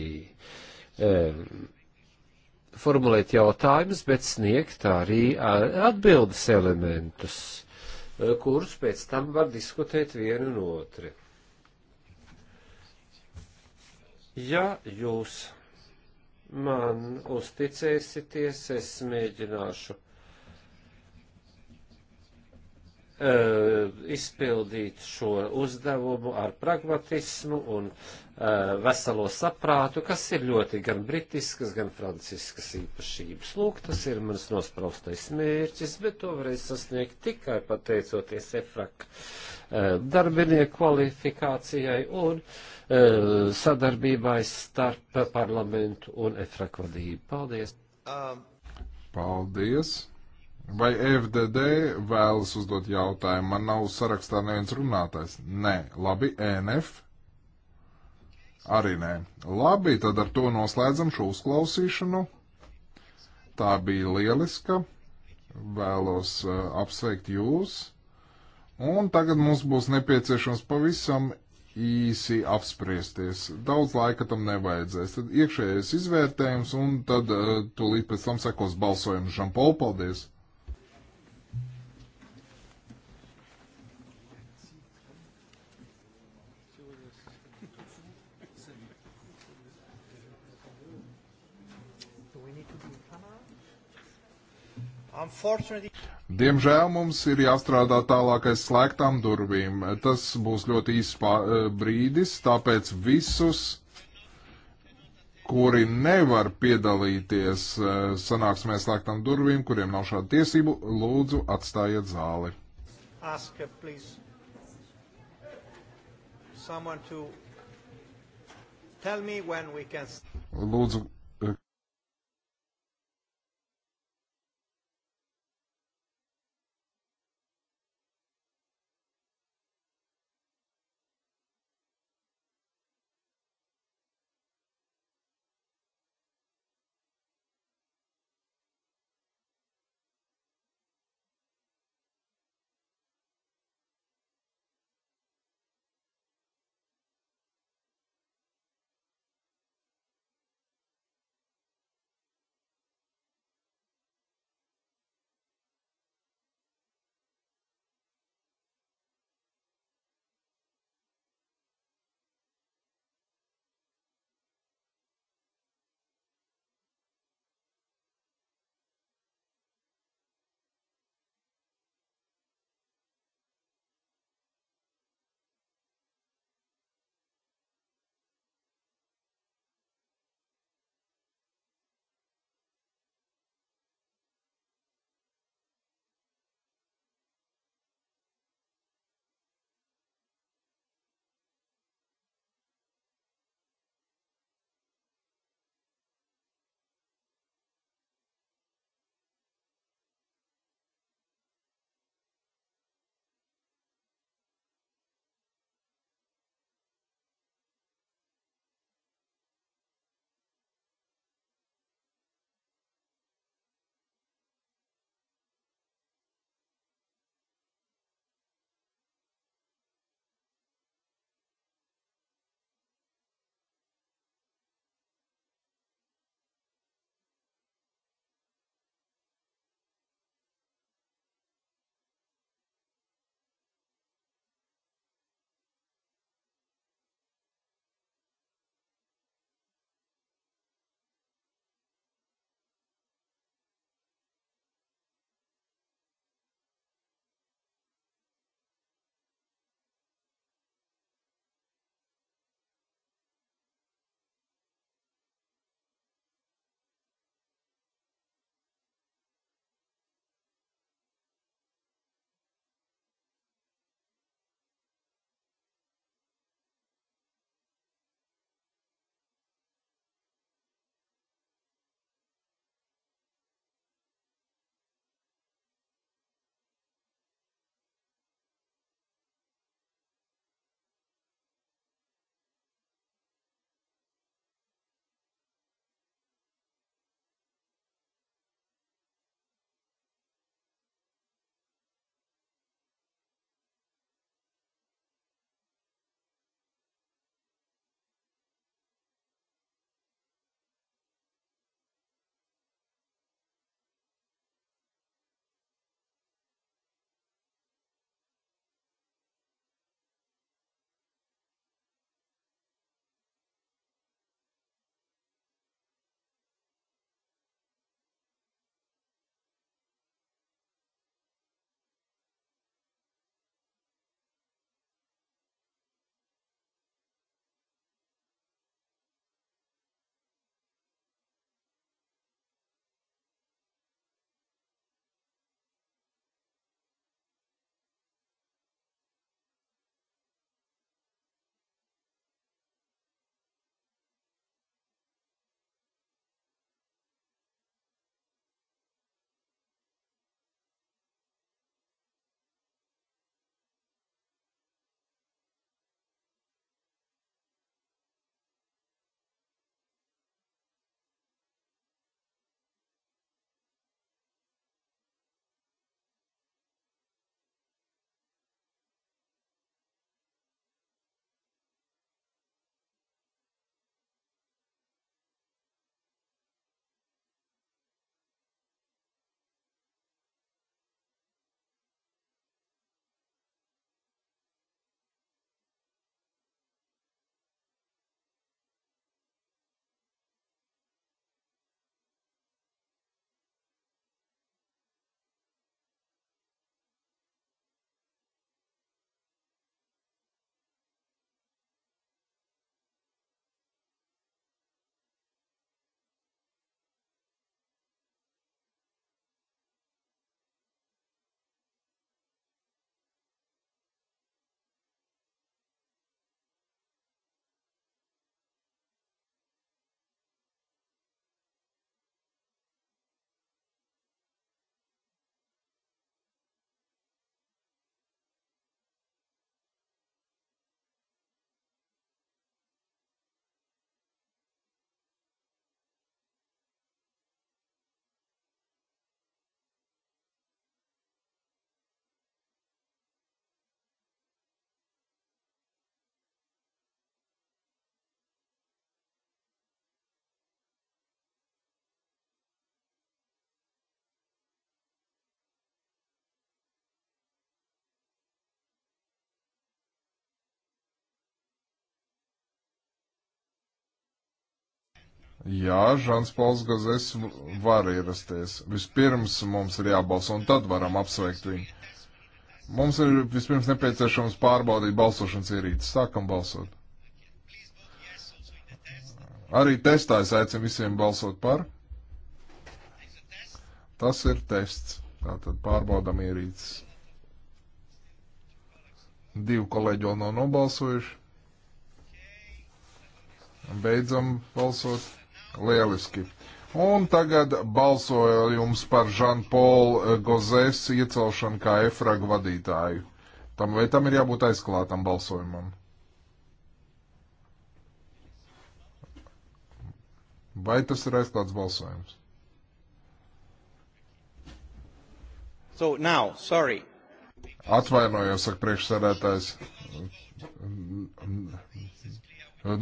um, formulēt jautājumus, bet sniegt arī uh, atbildes elementus Eh, kurus pēc tam var diskutēt vienu un otru. Ja jūs man uzticēsieties, es mēģināšu Uh, izpildīt šo uzdevumu ar pragmatismu un Eh, veselo saprātu, kas ir ļoti gan britiskas, gan franciskas īpašības. Lūk, tas ir mans nospraustais mērķis, bet to varēs sasniegt tikai pateicoties EFRAK eh, darbinieku kvalifikācijai un eh, sadarbībai starp parlamentu un EFRAK vadību. Paldies! Um. Paldies! Vai FDD vēlas uzdot jautājumu? Man nav sarakstā neviens runātājs. Nē, labi, NF Arī nē. Labi, tad ar to noslēdzam šo uzklausīšanu. Tā bija lieliska. Vēlos uh, apsveikt jūs. Un tagad mums būs nepieciešams pavisam īsi apspriesties. Daudz laika tam nevajadzēs. Tad iekšējais izvērtējums un tad uh, tūlīt pēc tam sekos balsojums. Žanpol, paldies! Diemžēl mums ir jāstrādā tālāk aiz slēgtām durvīm. Tas būs ļoti īss e, brīdis, tāpēc visus, kuri nevar piedalīties e, sanāksmē slēgtām durvīm, kuriem nav šādu tiesību, lūdzu atstājiet zāli. Ask, uh, please, Lūdzu, Jā, Žans Pauls Gazes var ierasties. Vispirms mums ir jābalso, un tad varam apsveikt viņu. Mums ir vispirms nepieciešams pārbaudīt balsošanas ierīci. Sākam balsot. Arī testā es aicinu visiem balsot par. Tas ir tests. Tātad pārbaudam ierīces. Divi kolēģi vēl nav nobalsojuši. Beidzam balsot. Lieliski. Un tagad balsojums par Žanpolu Gozēs iecelšanu kā efragu vadītāju. Tam vai tam ir jābūt aizklātam balsojumam? Vai tas ir aizklāts balsojums? So now, sorry. Atvainojos, saka priekšsēdētājs.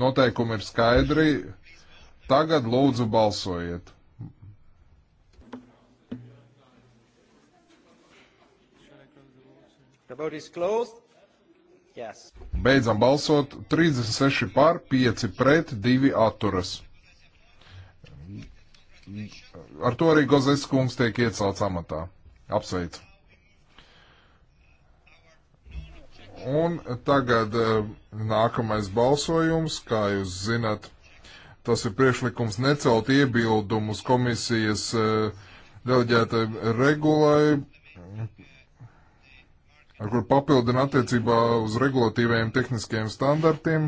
Noteikumi ir skaidri Tagad lūdzu balsojiet. Yes. Beidzam balsot 36 pār, 5 pret, 2 atturas. Ar to arī Gozes kungs tiek iecelts amatā. Apsveicu. Un tagad eh, nākamais balsojums, kā jūs zinat, Tas ir priekšlikums necelt iebildumus komisijas e, deleģētai regulai, ar kur papildina attiecībā uz regulatīvajiem tehniskajiem standartiem.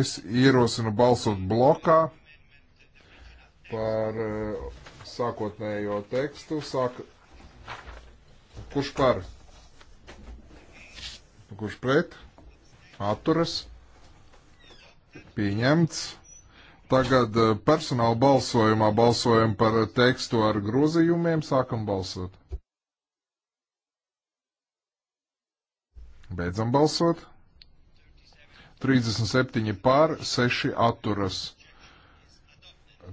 Es ierosinu balsot blokā par e, sākotnējo tekstu. Sāk... Kurš par? Kurš pret? Atturas? Pieņemts. Tagad eh, personāla balsojumā balsojam par tekstu ar grozījumiem. Sākam balsot. Beidzam balsot. 37 pār, 6 atturas.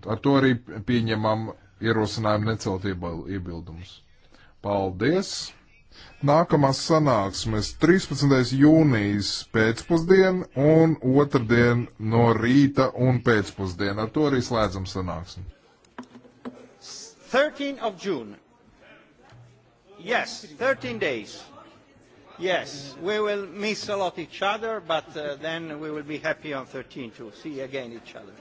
Ar to arī pieņemam ierosinājumu necelt iebildumus. Paldies! Nākamās sanāksmes 13. jūnijas pēcpusdien un otrdien no rīta un pēcpusdien. Ar to arī slēdzam sanāksmi. 13 of June. Yes, 13 days. Yes, we will miss a lot each other, but uh, then we will be happy on 13 to see again each other.